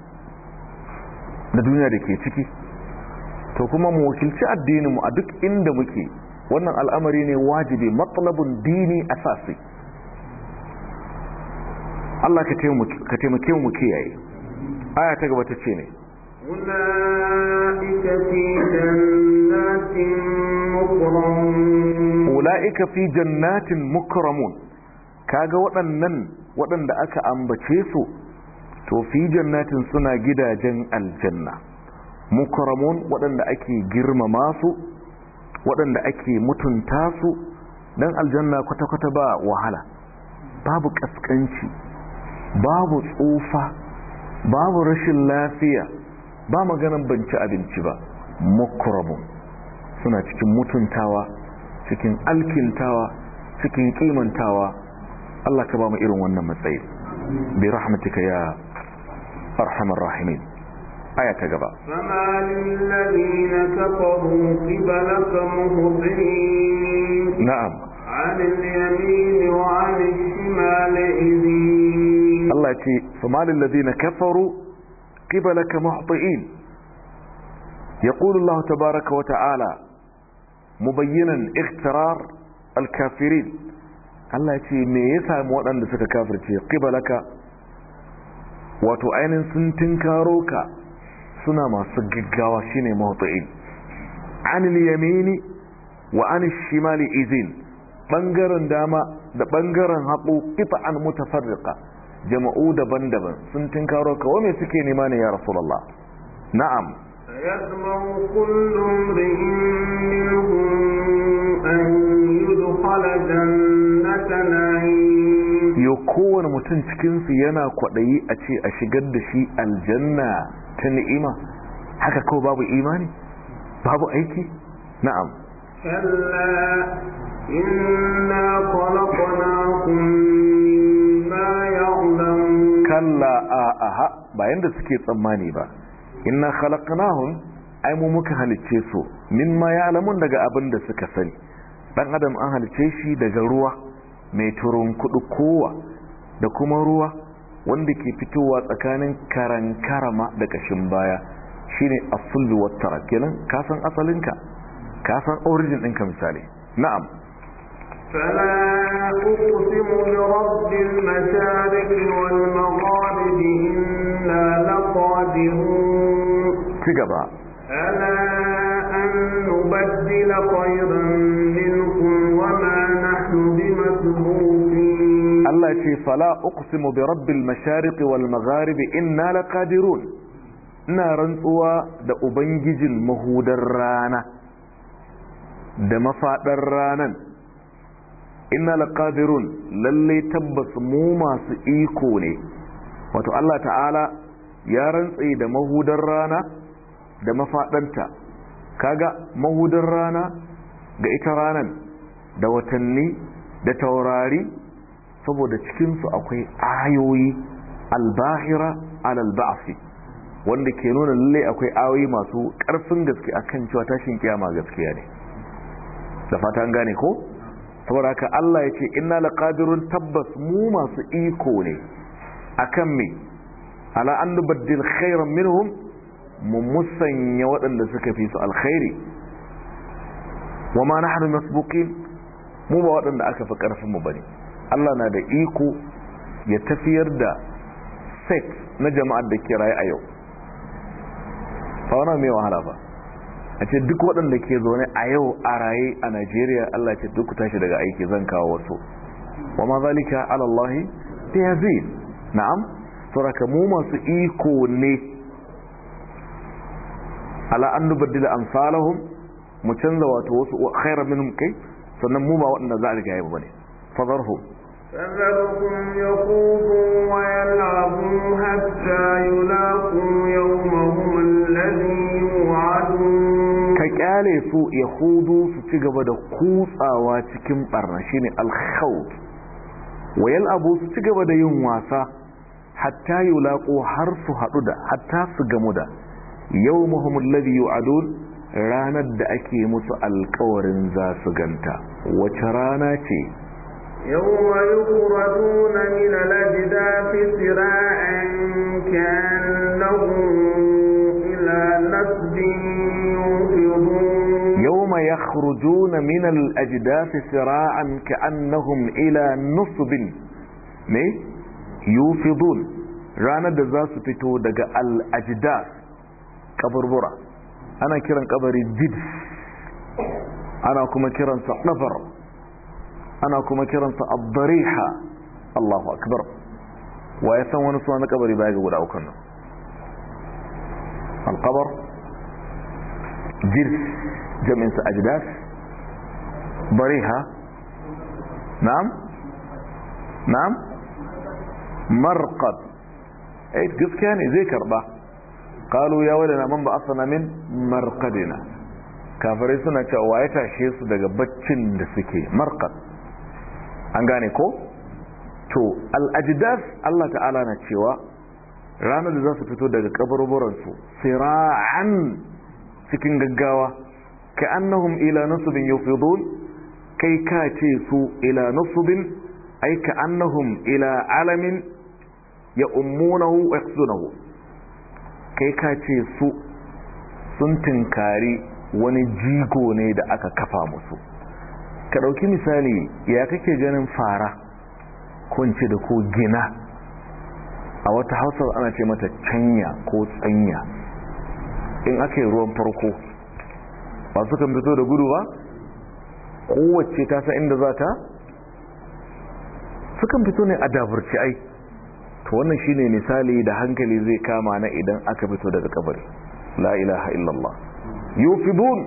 da duniya da ke ciki to kuma mu wakilci addininmu a duk inda muke wannan al'amari ne wajibi matsalabin dini asasi Allah ka taimake mu kiyaye aya ta gaba ta ce ne ula'ika fi jannatin mukramun kaga waɗannan waɗanda aka ambace su to fi jannatin suna gidajen aljanna mukaramun waɗanda ake girmama su waɗanda ake mutunta su dan aljanna kwata-kwata ba wahala babu kaskanci babu tsufa babu rashin lafiya ba maganan banci abinci ba mukarramun suna cikin mutuntawa cikin alkintawa cikin kimantawa Allah ka ba mu irin wannan matsayi bi rahmatika ya أرحم الراحمين آية جبا
فما للذين كفروا قبلك
مهضين نعم عن اليمين وعن الشمال
إذين الله يتي فما للذين كفروا قبلك مهضين يقول الله تبارك وتعالى مبينا اغترار الكافرين الله يتي me ya samu كافر قبلك wato ainihin sun tinkaro ka suna masu gaggawa shine mawdu'in anil yamini wa anil shimali izin ɓangaren dama da ɓangaren haƙo kifa an mutafarriqa jama'u daban-daban sun tinkaro ka wa suke nema ne ya rasulullah na'am يسمع yo kowane mutum cikinsu yana kwaɗayi a ce a shigar da shi aljanna ta ni'ima haka kawai babu imani babu aiki na'am kalla a aha bayan da suke tsammani ba inna khalaqnahum ai mu muka halicce su mimma ya'lamun daga abin da suka sani ɗan adam an halicce shi daga ruwa mai turun kudu kowa da kuma ruwa wanda ke fitowa tsakanin karankarama da kashin baya shine asullu wattara kenan ka san asalinka kasan san origin ɗinka misali na'am فلا
أقسم برب المشارق والمغارب إنا لقادرون تجبا أن نبدل خيرا من
Allah ce fala uqsimu bi rabbil mashariqi wal magharibi inna laqadirun ina rantsuwa da ubangijin mahudar rana da mafadar ranan inna laqadirun lalle tabbas mu masu iko ne wato Allah ta'ala ya rantsi da mahudar rana da mafadanta kaga mahudar rana ga ita ranan da watanni da taurari saboda cikinsu akwai ayoyi albahira alalba'afi wanda ke nuna lalle akwai ayoyi masu ƙarfin gaske akan cewa tashin kiyama gaskiya ne da fatan gane ko saboda haka Allah ya ce inna laqadirun tabbas mu masu iko ne akan me ala an nubaddil khairan minhum mu musanya waɗanda suka fi su alkhairi wa ma nahnu masbuqin mu ba waɗanda aka fi ƙarfin mu bane Allah na da iko ya tafiyar da set na jama'ar da ke raye a yau fa wani mai wahala ba a ce duk waɗanda ke zaune a yau a raye a Najeriya Allah ce duk tashi daga aiki zan kawo wasu wa ma zalika ala Allah ta yazi na'am saboda mu masu iko ne ala an nubaddila amsalahum mu canza wato wasu khairan minhum kai sannan mu ba waɗanda za a riga ba ne fazarhu
فذرهم يخوضوا ويلعبوا حتى يلاقوا يومهم الذي يوعدون
كقاله سو يخوضوا su ci gaba da kutsawa cikin barna shine al-khawd wayalabu su ci gaba da yin wasa hatta yulaku har su hadu da hatta su gamu da yawmuhum alladhi yu'adun ranar da ake musu alkawarin za su ganta wace rana ce
يوم يخرجون من الأجداف سراعا كأنهم إلى نسب يوفضون يوم
يخرجون من الأجداف سراعا كأنهم إلى نصب يوفضون رانا da za su fito daga ana kiran kabari jid ana kuma kiransa nafar ana kuma kiransa abdariha Allahu akbar wa ya san wani suna na kabari baya ga guda ukan nan alkabar jid jami'insa ajdas bariha na'am na'am marqad eh gaskiya ne zai karba Kalu ya wailana man asana min marqadina kafirai suna cewa ya tashe su daga baccin da suke marqad an gane ko to al-ajdas Allah ta'ala na cewa ranar da za su fito daga kaburburan su sira'an cikin gaggawa ka annahum ila nasbin yufidun kai ka ce su ila nasbin ay ka annahum ila alamin ya ummunahu wa yaqsunahu kai ka ce su sun tinkari wani jigo ne da aka kafa musu ka ɗauki misali ya kake ganin fara kunci da ko gina a wata Hausa ana ce mata canya ko tsanya in aka yi ruwan farko ba su kan fito da gudu ba kowace ta sa inda za ta sukan fito ne a dabarci aiki. to wannan shine misali da hankali zai kama na idan aka fito daga kabari la ilaha illallah yufidun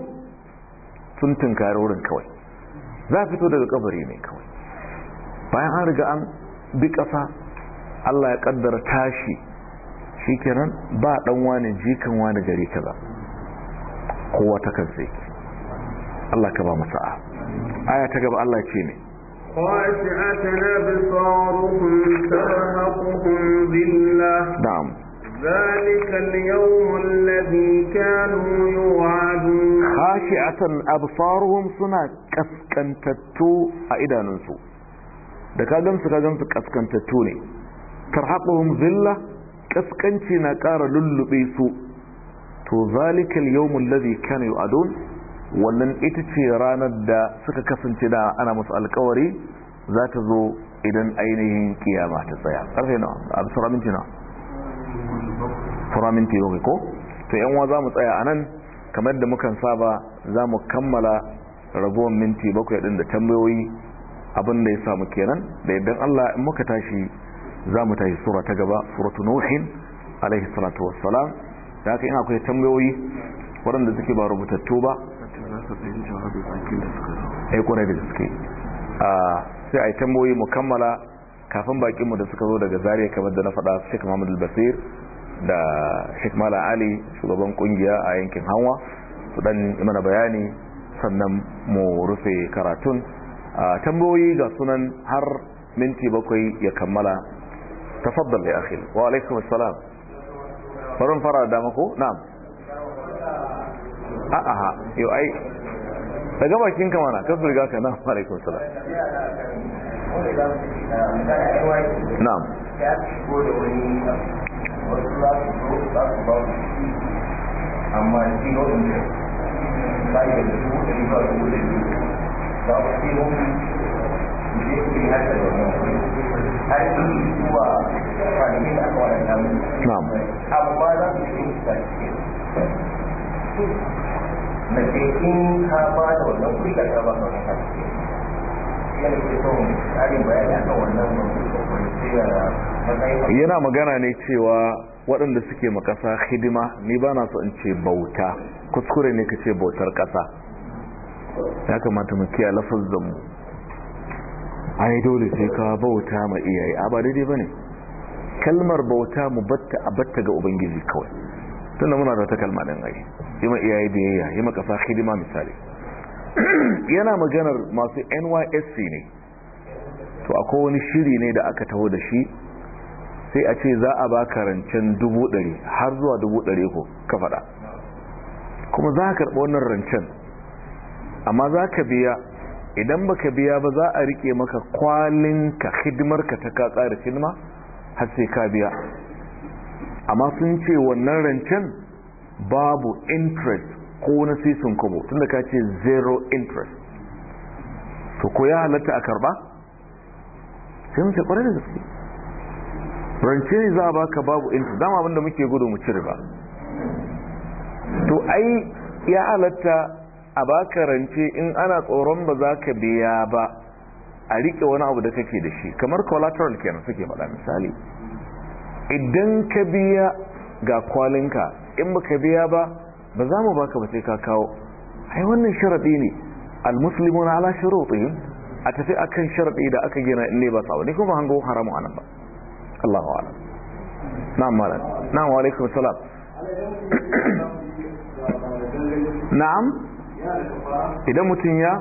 sun tunkari wurin kawai za fito daga kabari ne kawai bayan an riga an bi ƙasa, Allah ya kaddara tashi shikenan ba dan wani jikan wani gari ba kowa ta sai. Allah ka ba mu sa'a aya ta gaba Allah ce ne
خاشعة أبصارهم ترهقهم ذلة نعم ذلك اليوم الذي كانوا يوعدون خاشعة
أبصارهم سنة كسكنتتو أئدا ننسو da ka gamsu ka gamsu kaskantattu ne tarhaquhum zilla kaskanci na ƙara lullube su to zalikal yawmul ladhi kana yu'adun wannan ita ce ranar da suka kasance da ana musu alkawari za ta zo idan ainihin kiyama ta tsaya karfe na abu suraminti na suraminti yau ko to yanwa za mu tsaya a nan kamar da mukan saba za mu kammala ragowar minti bakwai din da tambayoyi abin da ya samu kenan da idan allah in muka tashi za mu tashi sura ta gaba suratu nuhin alaihi salatu wassalam da haka in akwai tambayoyi waɗanda suke ba rubutattu ba ai kwarai da suke eh, sai a yi tamboyi mu kammala kafin bakinmu da suka zo daga zariya kamar da na faɗa sheik muhammadu basir da sheik mala ali shugaban kungiya a yankin hanwa su dan mana bayani sannan mu rufe karatun tamboyi ga sunan har minti bakwai ya kammala tafaddal ya akhil wa alaikum assalam farin fara da ko na'am a'a yo ai daga bakin ka mana ka furga ka na alaikun salam
na'am amma shi
yana magana ne cewa waɗanda suke makasa hidima ni ba na so in ce bauta kuskure ne ka ce bautar ƙasa ya kamata mu kiya lafazin mu ai dole sai ka bauta ma iyaye a ba daidai ba ne kalmar bauta mu batta a batta ga ubangiji kawai tunda muna da takalma din ai yi ma iyaye biyayya yi ma ƙasa hidima misali *clears throat* yana maganar masu nysc ne to akwai wani shiri ne da aka taho da shi sai a ce za a baka rancen dubu ɗari har zuwa dubu ɗari ko ka faɗa kuma za ka karɓi wannan rancen amma za ka biya idan baka biya ba za a rike maka kwalinka hidimarka ta ka tsara hidima har sai ka biya amma sun ce wannan rancen babu interest ko na kubo tun tunda ka ce zero interest to ko ya halatta a karba sai mun
da gaske
rance ne za a baka babu interest dama abinda muke gudu mu cire ba to ai ya halatta a baka rance in ana tsoron ba za ka biya ba a riƙe wani abu da kake da shi kamar collateral kenan suke faɗa misali idan ka biya ga kwalinka in baka biya ba ba za mu baka ba sai ka kawo ai wannan sharadi ne almuslimun ala shurutihim a tafi akan sharadi da aka gina in ne ba sawa ne kuma hango haramu anan ba Allahu a'lam na'am malam na'am wa alaikum salam
na'am idan mutum ya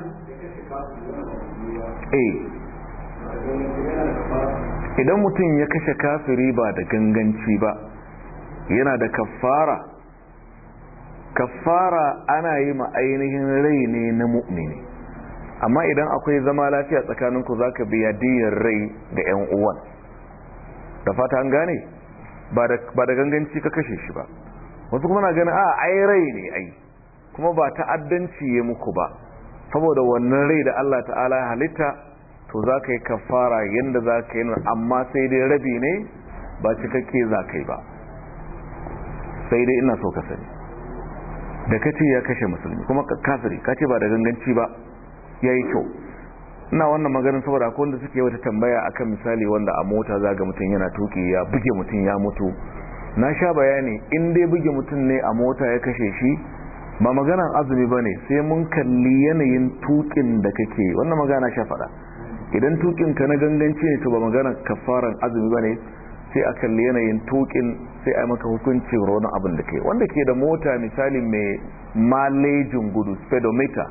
eh idan mutum ya kashe kafiri ba da ganganci ba yana da kaffara kaffara ana yi ma ainihin rai ne na mu'mini amma idan akwai zama lafiya tsakaninku za ka biya diyar rai da 'yan uwan da fata an gane ba da ganganci ka kashe shi ba wasu kuma na gani a ai rai ne ai kuma ba ta'addanci ya muku ba saboda wannan rai da Allah ta'ala ya halitta to za ka yi kafara yadda za ka yi nan amma sai dai rabi ne ba cikakke za ka yi ba sai dai ina so ka sani da ka ce ya kashe musulmi kuma kafiri ka ce ba da ganganci ba ya yi kyau ina wannan maganin saboda ko wanda suke wata tambaya akan misali wanda a mota za ga mutum yana toke ya buge mutum ya mutu na sha bayani in dai buge mutum ne a mota ya kashe shi ba maganan azumi ba ne sai mun kalli yanayin tukin da kake wannan magana sha faɗa idan tukin ka na ganganci ne to ba magana kafaran azumi bane sai a kalli yanayin tukin sai a maka hukunci wani abin da kai wanda ke da mota misali mai malejin gudu speedometer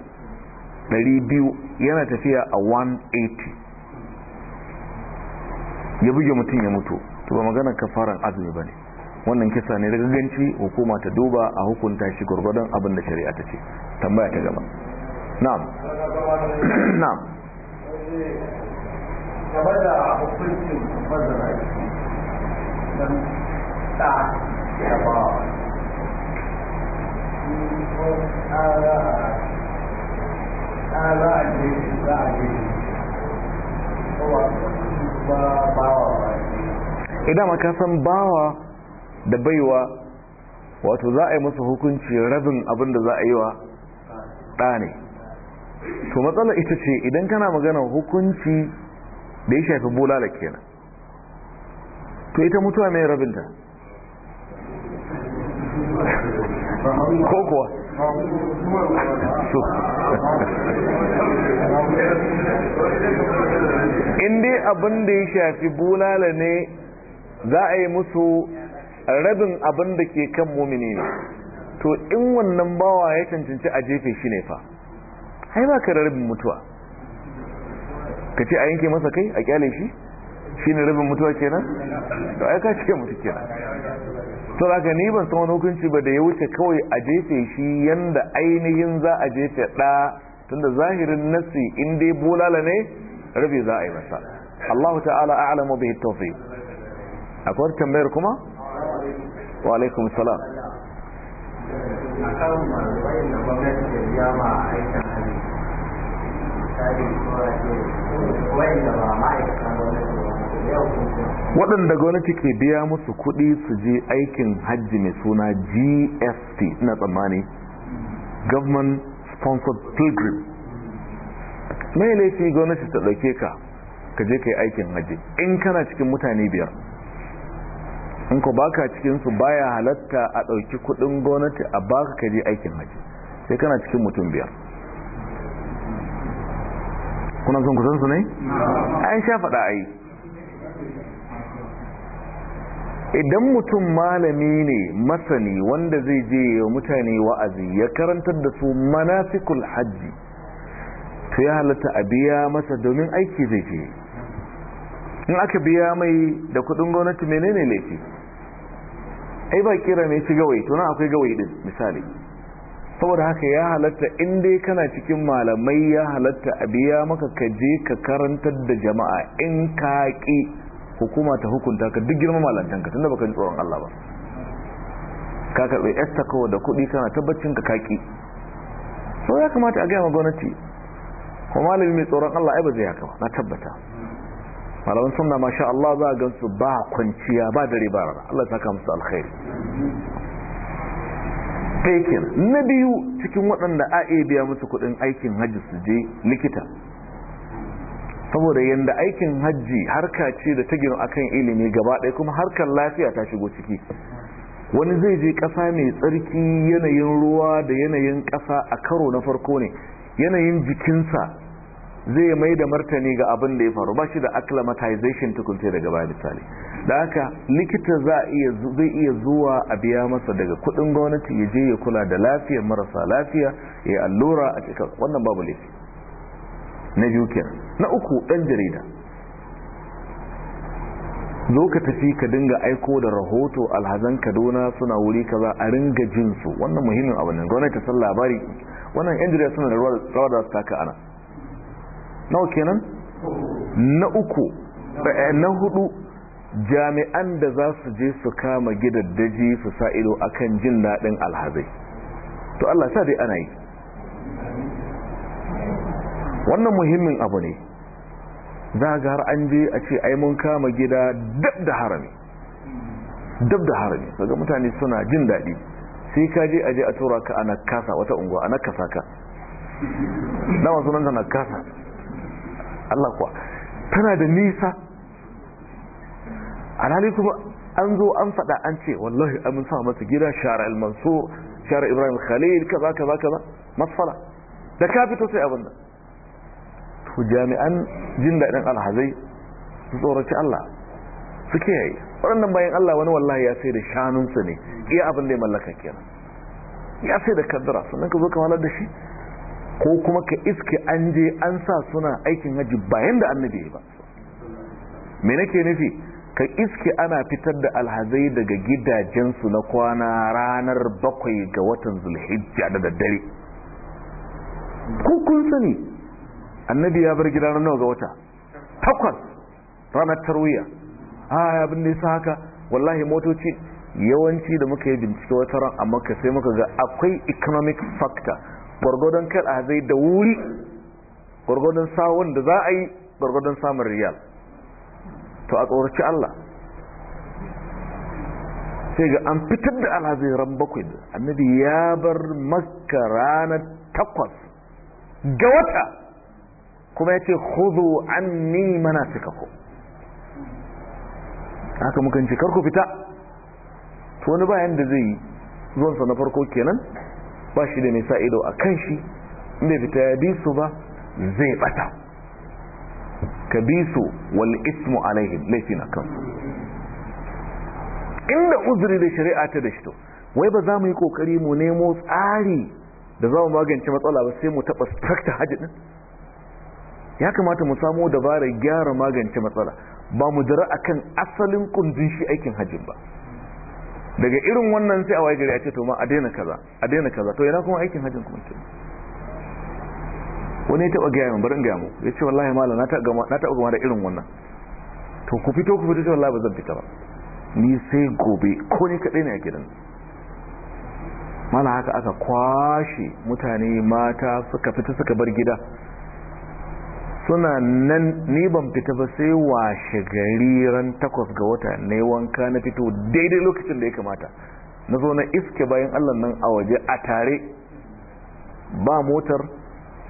200 yana tafiya a 180 ya buge mutum ya mutu to ba magana kafaran azumi bane wannan kisa ne da ganganci hukuma ta duba a hukunta shi gurgurdan abin da shari'a ta ce tambaya ta gaba na'am
*clears throat* na'am game eh, da hukuncin shi don ta yaba ko tsara je a jeji za a jeji kowa ba bawa ba
idan maka san bawa da baiwa wato za a yi musu hukunci rabin abin da za a yi wa ɗa ne to matsalar ita ce idan kana magana hukunci da ya shafi bulala kenan to ita mutuwa mai rabinta
*laughs* ko kuwa *laughs*
in dai abin da ya shafi bulala ne za a yi musu rabin abin da ke kan mumini ne to in wannan bawa ya cancanci a jefe shi ne fa ai ba ka rabin mutuwa ka ce a yanke masa kai a kyale shi shi ne rabin mutuwa kenan to ai ka ce mutu kenan to da ni ban san wani hukunci ba da ya wuce kawai a jefe shi yanda ainihin za a jefe ɗa tunda zahirin nasi in dai bulala ne rabi za a yi masa Allah ta'ala a'lamu bihi a kwar tambayar kuma wa alaikum salam
akan bayan da gwamnati ya ma aikata
waɗanda gwamnati ke biya musu kuɗi su je aikin hajji mai suna gst na tsammani government sponsored pilgrim mai laifi gwamnati ta ɗauke ka ka je ka yi aikin hajji in kana cikin mutane biyar in ku baka cikinsu baya halatta a ɗauki kuɗin gwamnati a baka ka je aikin hajji sai kana cikin mutum biyar kuna son kusan su ne an sha faɗa a yi idan mutum malami ne masani wanda zai je wa mutane wa'azi ya karantar da su manafikul hajji to ya halatta a biya masa domin aiki zai je in aka biya mai da kudin gwamnati menene laifi ai ba kira mai ci gawayi tunan akwai gawayi din misali saboda haka ya halatta in dai kana cikin malamai ya halatta a biya maka ka je ka karantar da jama'a in ka ƙi hukuma ta hukunta ka duk girma malantanka tunda baka tsoron Allah ba ka karɓi esta kawo da kuɗi kana tabbacin ka kaƙi so ya kamata a gaya ma gwamnati kuma malami mai tsoron Allah ai ba zai haka ba na tabbata malaman sunna masha Allah za a gansu ba kwanciya ba dare ba Allah ya saka musu alkhairi taken na biyu cikin waɗanda a iya biya musu kuɗin aikin hajji su je likita saboda yadda aikin hajji harka ce da ta gina akan ilimi gaba ɗaya kuma harkar lafiya ta shigo ciki wani zai je ƙasa mai tsarki yanayin ruwa da yanayin ƙasa a karo na farko ne yanayin jikinsa zai mai da martani ga abin da ya faru ba shi da acclimatization tukunce daga bayan misali da haka likita zai iya zuwa a biya masa daga kudin gwamnati ya je ya kula da lafiyar marasa lafiya ya allura a cikin wannan babu laifi na biyu na uku ɗan jarida zo ka tafi ka dinga aiko da rahoto alhazan kaduna suna wuri kaza a ringa jinsu wannan muhimmin abu ne gwamnati ta san labari wannan yan jarida suna da rawar da su taka ana nawa kenan na uku eh, na hudu jami'an da za su je su kama gidaddaji su sa ido akan jin daɗin alhazai to Allah sa dai ana yi wannan muhimmin abu ne za ga har an je a ce ai mun kama gida dab da harami dab da harami daga mutane suna jin daɗi sai ka je aje a tura ka ana kasa wata unguwa ana kasa ka dama sunan ta na kasa Allah kuwa tana da nisa alhali kuma an zo an faɗa an ce wallahi an sa masa gida shara al-mansur shara ibrahim khalil kaza kaza kaza masfala da ka fito sai abin nan to jami'an jin daɗin alhazai su tsoraci Allah suke kiyaye waɗannan bayan Allah wani wallahi ya sai da shanunsa ne iya abin da ya mallaka kenan ya sai da kaddara sannan ka zo ka walar da shi ko kuma ka iske an je an sa suna aikin haji bayan da annabi ba me nake nufi ka iske ana fitar da alhazai daga gidajensu na kwana ranar bakwai ga watan zulhijja da daddare ko kun sani annabi ya bar gida nawa ga wata takwas ranar tarwiya a abin da yasa haka wallahi motoci yawanci da muka yi bincike wata ran amma ka sai muka ga akwai economic factor gwargwadon kar a zai da wuri gwargwadon sawon da za a yi gwargwadon samun riyal to a tsoraci Allah sai ga an fitar da alhazai ran bakwai annabi ya bar maka, ranar takwas ga wata kuma ya ce hudu an ni mana suka ku haka mukan ce ku fita to wani bayan da zai yi zuwansa na farko kenan ba shi da nisa ido a kan shi inda fita ya bi su ba zai bata ka bi su wal ismu alaihim laifin akan inda uzuri da shari'a ta da shi to wai ba za mu yi kokari mu nemo tsari da za mu magance matsala ba sai mu taɓa structure hajji din ya kamata mu samo dabarar gyara magance matsala ba mu jira akan asalin kundin shi aikin hajji ba daga irin wannan sai a waye gari a ce to ma a daina kaza a daina kaza to yana kuma aikin hajjin kuma kenan wani ya taba gaya min barin gaya mu ya ce wallahi malam na taba gama na taba gama da irin wannan to ku fito ku fito ce wallahi ba zan fita ba ni sai gobe ko ni kadai ne a gidan malam haka aka kwashe mutane mata suka fita suka bar gida suna nan ni ban fita ba sai washe gari ran takwas ga wata na wanka na fito daidai lokacin da ya kamata na zo na iske bayan allah nan a waje a tare ba motar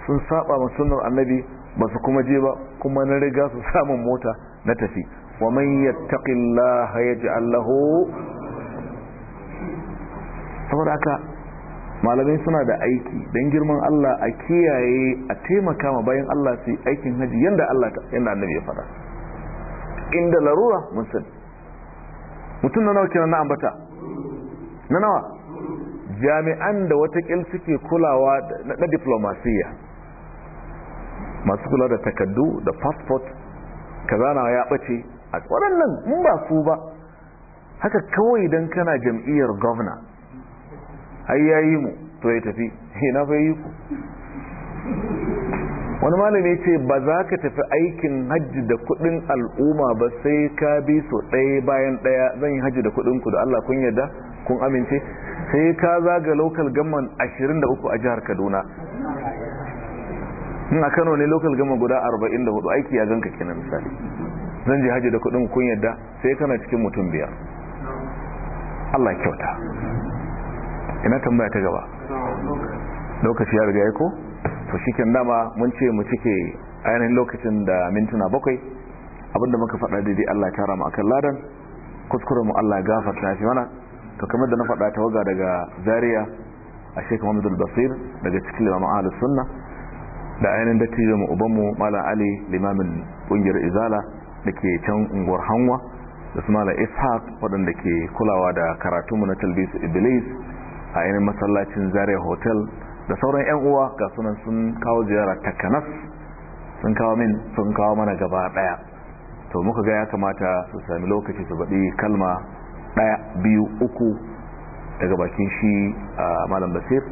sun saba ma sunar annabi ba su kuma je ba kuma na riga su samun mota na tafi wa man yattaqillaha yaj'al lahu saboda haka malamai suna da aiki don girman Allah a kiyaye a taimaka ma bayan Allah su aikin haji yadda Allah yadda annabi ya fada inda larura mun san mutum na nawa kenan na ambata na nawa jami'an da watakil suke kulawa na diplomasiya masu kula da takaddu da passport kaza na ya ɓace a waɗannan mun ba su ba haka kawai don kana jam'iyyar gwamna ai yi mu to ya tafi *laughs* na fa yi ku wani malami ce ba za ka tafi aikin hajji da kudin al'umma ba sai ka bi so ɗaya bayan ɗaya zan yi hajji da kudin ku da Allah kun yarda kun amince sai ka zaga local government 23 a jihar Kaduna in a Kano ne local government guda 44 aiki ya ganka kenan misali zan je hajji da kudin kun yarda sai kana cikin mutum biyar Allah
kyauta
ina tambaya ta gaba lokaci ya riga ya ko to shikin dama mun ce mu cike ainihin lokacin da mintuna bakwai abinda muka faɗa daidai Allah tara mu akan ladan kuskure mu Allah gafarta shi mana to kamar da na faɗa tawaga daga Zaria a Sheikh Muhammad Basir daga cikin limamin Ahlus Sunna da ainihin dattijo mu uban mu Malam Ali limamin kungiyar Izala dake can unguwar Hanwa da su Malam Ishaq waɗanda ke kulawa da karatu mu na Talbis Iblis a yanin masallacin zaria hotel da sauran 'yan uwa ga sunan sun kawo ziyara takanas sun kawo min sun kawo mana gaba daya to muka ga ya kamata su sami lokaci su baɗi kalma daya biyu uku daga bakin shi a malam basir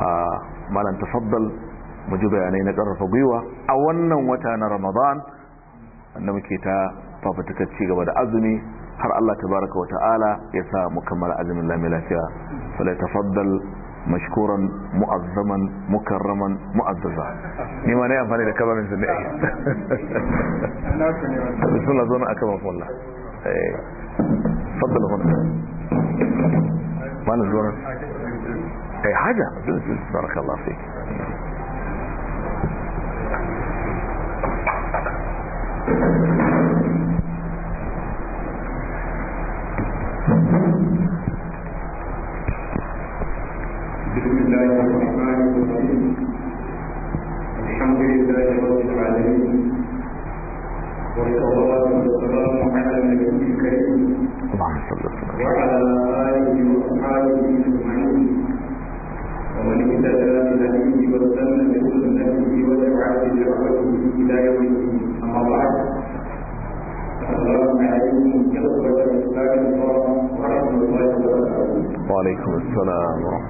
a malam tafaddal mu ji bayanai na ƙarfafa gwiwa a wannan wata na ramadan wanda muke ta fafatakar ci gaba da azumi har Allah tabaraka wa ta'ala ya sa mu kammala azumin lami lafiya fala tafaddal mashkuran mu'azzaman mukarraman mu'azzaza ni ma ne amfani da kabarin sun ne bismillah zo na aka ba fulla eh faddala hon mana zuwa eh haja barakallahu fik Thank you.
بسم الله الرحمن الرحيم الحمد لله رب العالمين والصلاة والسلام على النبي الكريم وعلى آله وأصحابه أجمعين ومن اهتدى بهديه واستنى بسنته ودعا بدعوته إلى يوم الدين أما بعد السلام عليكم ورحمة الله وبركاته وعليكم السلام ورحمة الله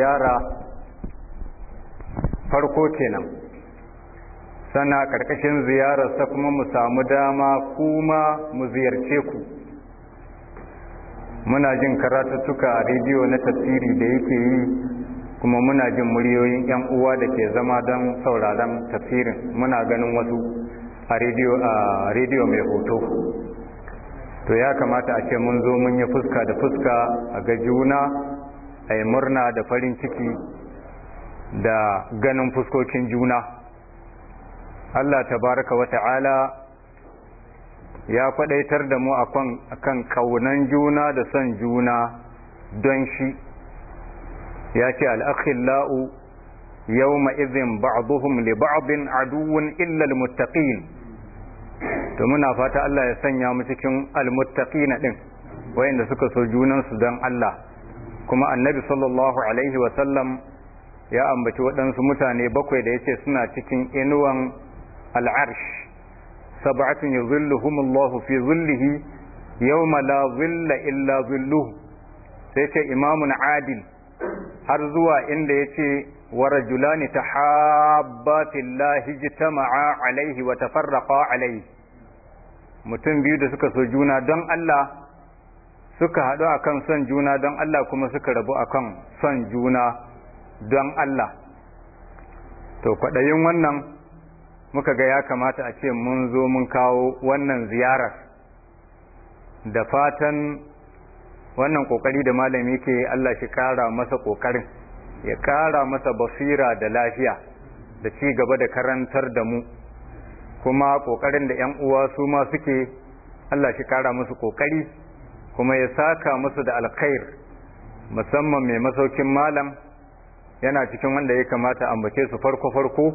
ziyara farko kenan sana karkashin ziyararsa kuma mu samu dama kuma mu ziyarce ku muna jin karatuttuka a rediyo na tafsiri da yake yi kuma muna jin muryoyin 'yan uwa da ke zama don sauraron tafsirin muna ganin wasu a rediyo mai hoto to ya kamata a ce mun zo mun yi fuska da fuska a ga juna a yi murna da farin ciki da ganin fuskokin juna Allah tabaraka wa ta'ala ya kwadaitar da mu akan kaunan juna da son juna don shi ya ce al'akhillau yawma izin ba'duhum li ba'din aduwun illal almuttaqin to muna fata Allah ya sanya mu cikin almuttaqina din wayanda suka so junansu don Allah kuma annabi sallallahu alaihi wasallam ya ambaci waɗansu mutane bakwai da ya ce suna cikin inuwan al'arsh sab'atun yuzilluhumullahu fi zillihi yawma la zulla illa zulluhu sai ce imamun adil har zuwa inda ya ce wa rajulani tahabba fillahi jitama'a alaihi wa tafarraƙa alaihi mutum biyu da suka so juna don Allah suka haɗu akan son juna don Allah kuma suka rabu akan son juna don Allah to kwaɗayin wannan muka ga ya kamata a ce mun zo mun kawo wannan ziyarar da fatan wannan ƙoƙari da malami ke Allah shi ƙara masa ƙoƙarin ya kara masa basira da lafiya da ci gaba da karantar da mu kuma ƙoƙarin da 'yan uwa su ma suke Allah shi ƙara musu ƙoƙari. kuma ya saka musu da alkhair musamman mai masaukin malam yana cikin wanda ya kamata ambace su farko-farko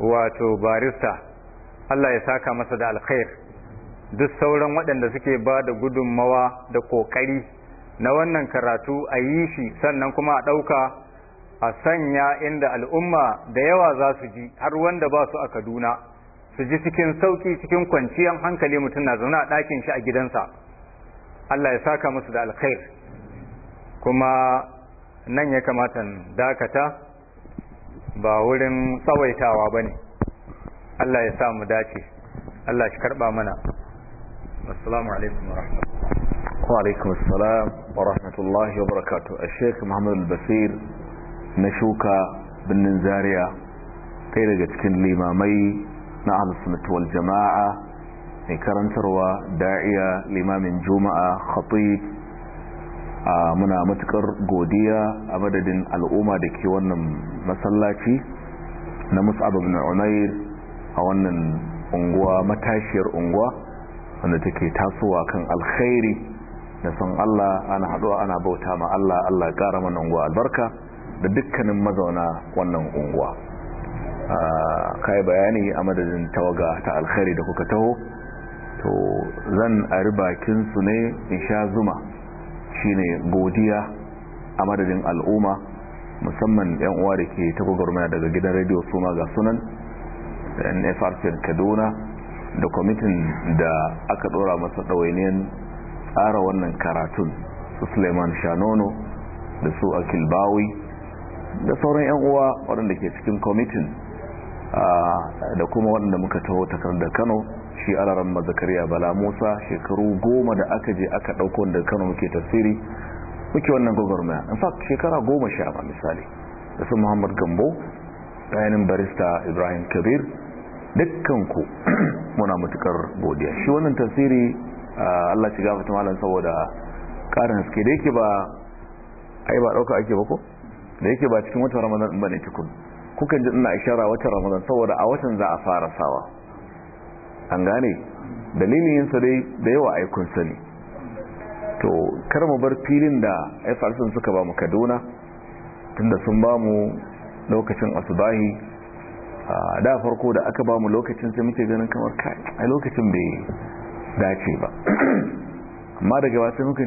wato barista Allah ya saka masa da alkhair duk sauran waɗanda suke ba da gudunmawa da ƙoƙari na wannan karatu a yi shi sannan kuma a ɗauka a sanya inda al'umma da yawa za su ji har wanda ba su a kaduna su ji cikin sauƙi cikin kwanciyar hankali mutum na zaune a ɗakin shi a gidansa Allah ya saka musu da alkhair kuma nan ya kamata dakata ba wurin tsawaitawa ba ne Allah ya sa mu dace Allah shi karba mana assalamu alaikum wa rahmatullahi
wa alaikum assalam wa rahmatullahi wa barakatuh al-sheikh Muhammad al-Basir na shuka binin Zaria kai daga cikin limamai na ahlus sunnah wal jama'a mai karantarwa da'iya limamin juma'a khatib a muna matukar godiya a madadin al'umma da ke wannan masallaci na mus'ab ibn unair a wannan unguwa matashiyar unguwa wanda take tasowa kan alkhairi da san Allah ana haɗuwa ana bauta ma Allah Allah ƙara mana unguwa albarka da dukkanin mazauna wannan unguwa kai bayani a madadin tawaga ta alkhairi da kuka taho to zan ari bakinsu ne in sha zuma shine godiya a madadin al'umma musamman yan uwa da ke ta gwagwarmaya daga gidan rediyo suma ga sunan nfrc kaduna da kwamitin da aka dora masa ɗawainiyar tsara wannan karatun su suleiman shanono da su akil bawi da sauran yan uwa waɗanda ke cikin kwamitin ah, da kuma waɗanda muka taho takardar kano shi ramar Zakariya bala musa shekaru goma da aka je aka ɗauko da kano muke tasiri muke wannan gwagwarmaya in fact shekara goma sha ma misali da su muhammad gambo bayanin barista ibrahim kabir dukkanku *clears throat* muna matukar godiya shi wannan tafsiri allah shiga fata malam saboda karin haske da yake ba ai ba ɗauka ake ba ko da yake ba cikin wata ramadan ba ne tukun kukan ji ina ishara wata ramadan saboda a watan za a fara sawa an gane dalilin sa dai da yawa aikun sani to kar mu bar filin da FRC suka ba mu Kaduna tunda sun ba mu lokacin asubahi da farko da aka ba mu lokacin sai muke ganin kamar kai a lokacin bai dace ba *clears throat* amma daga wasu muke.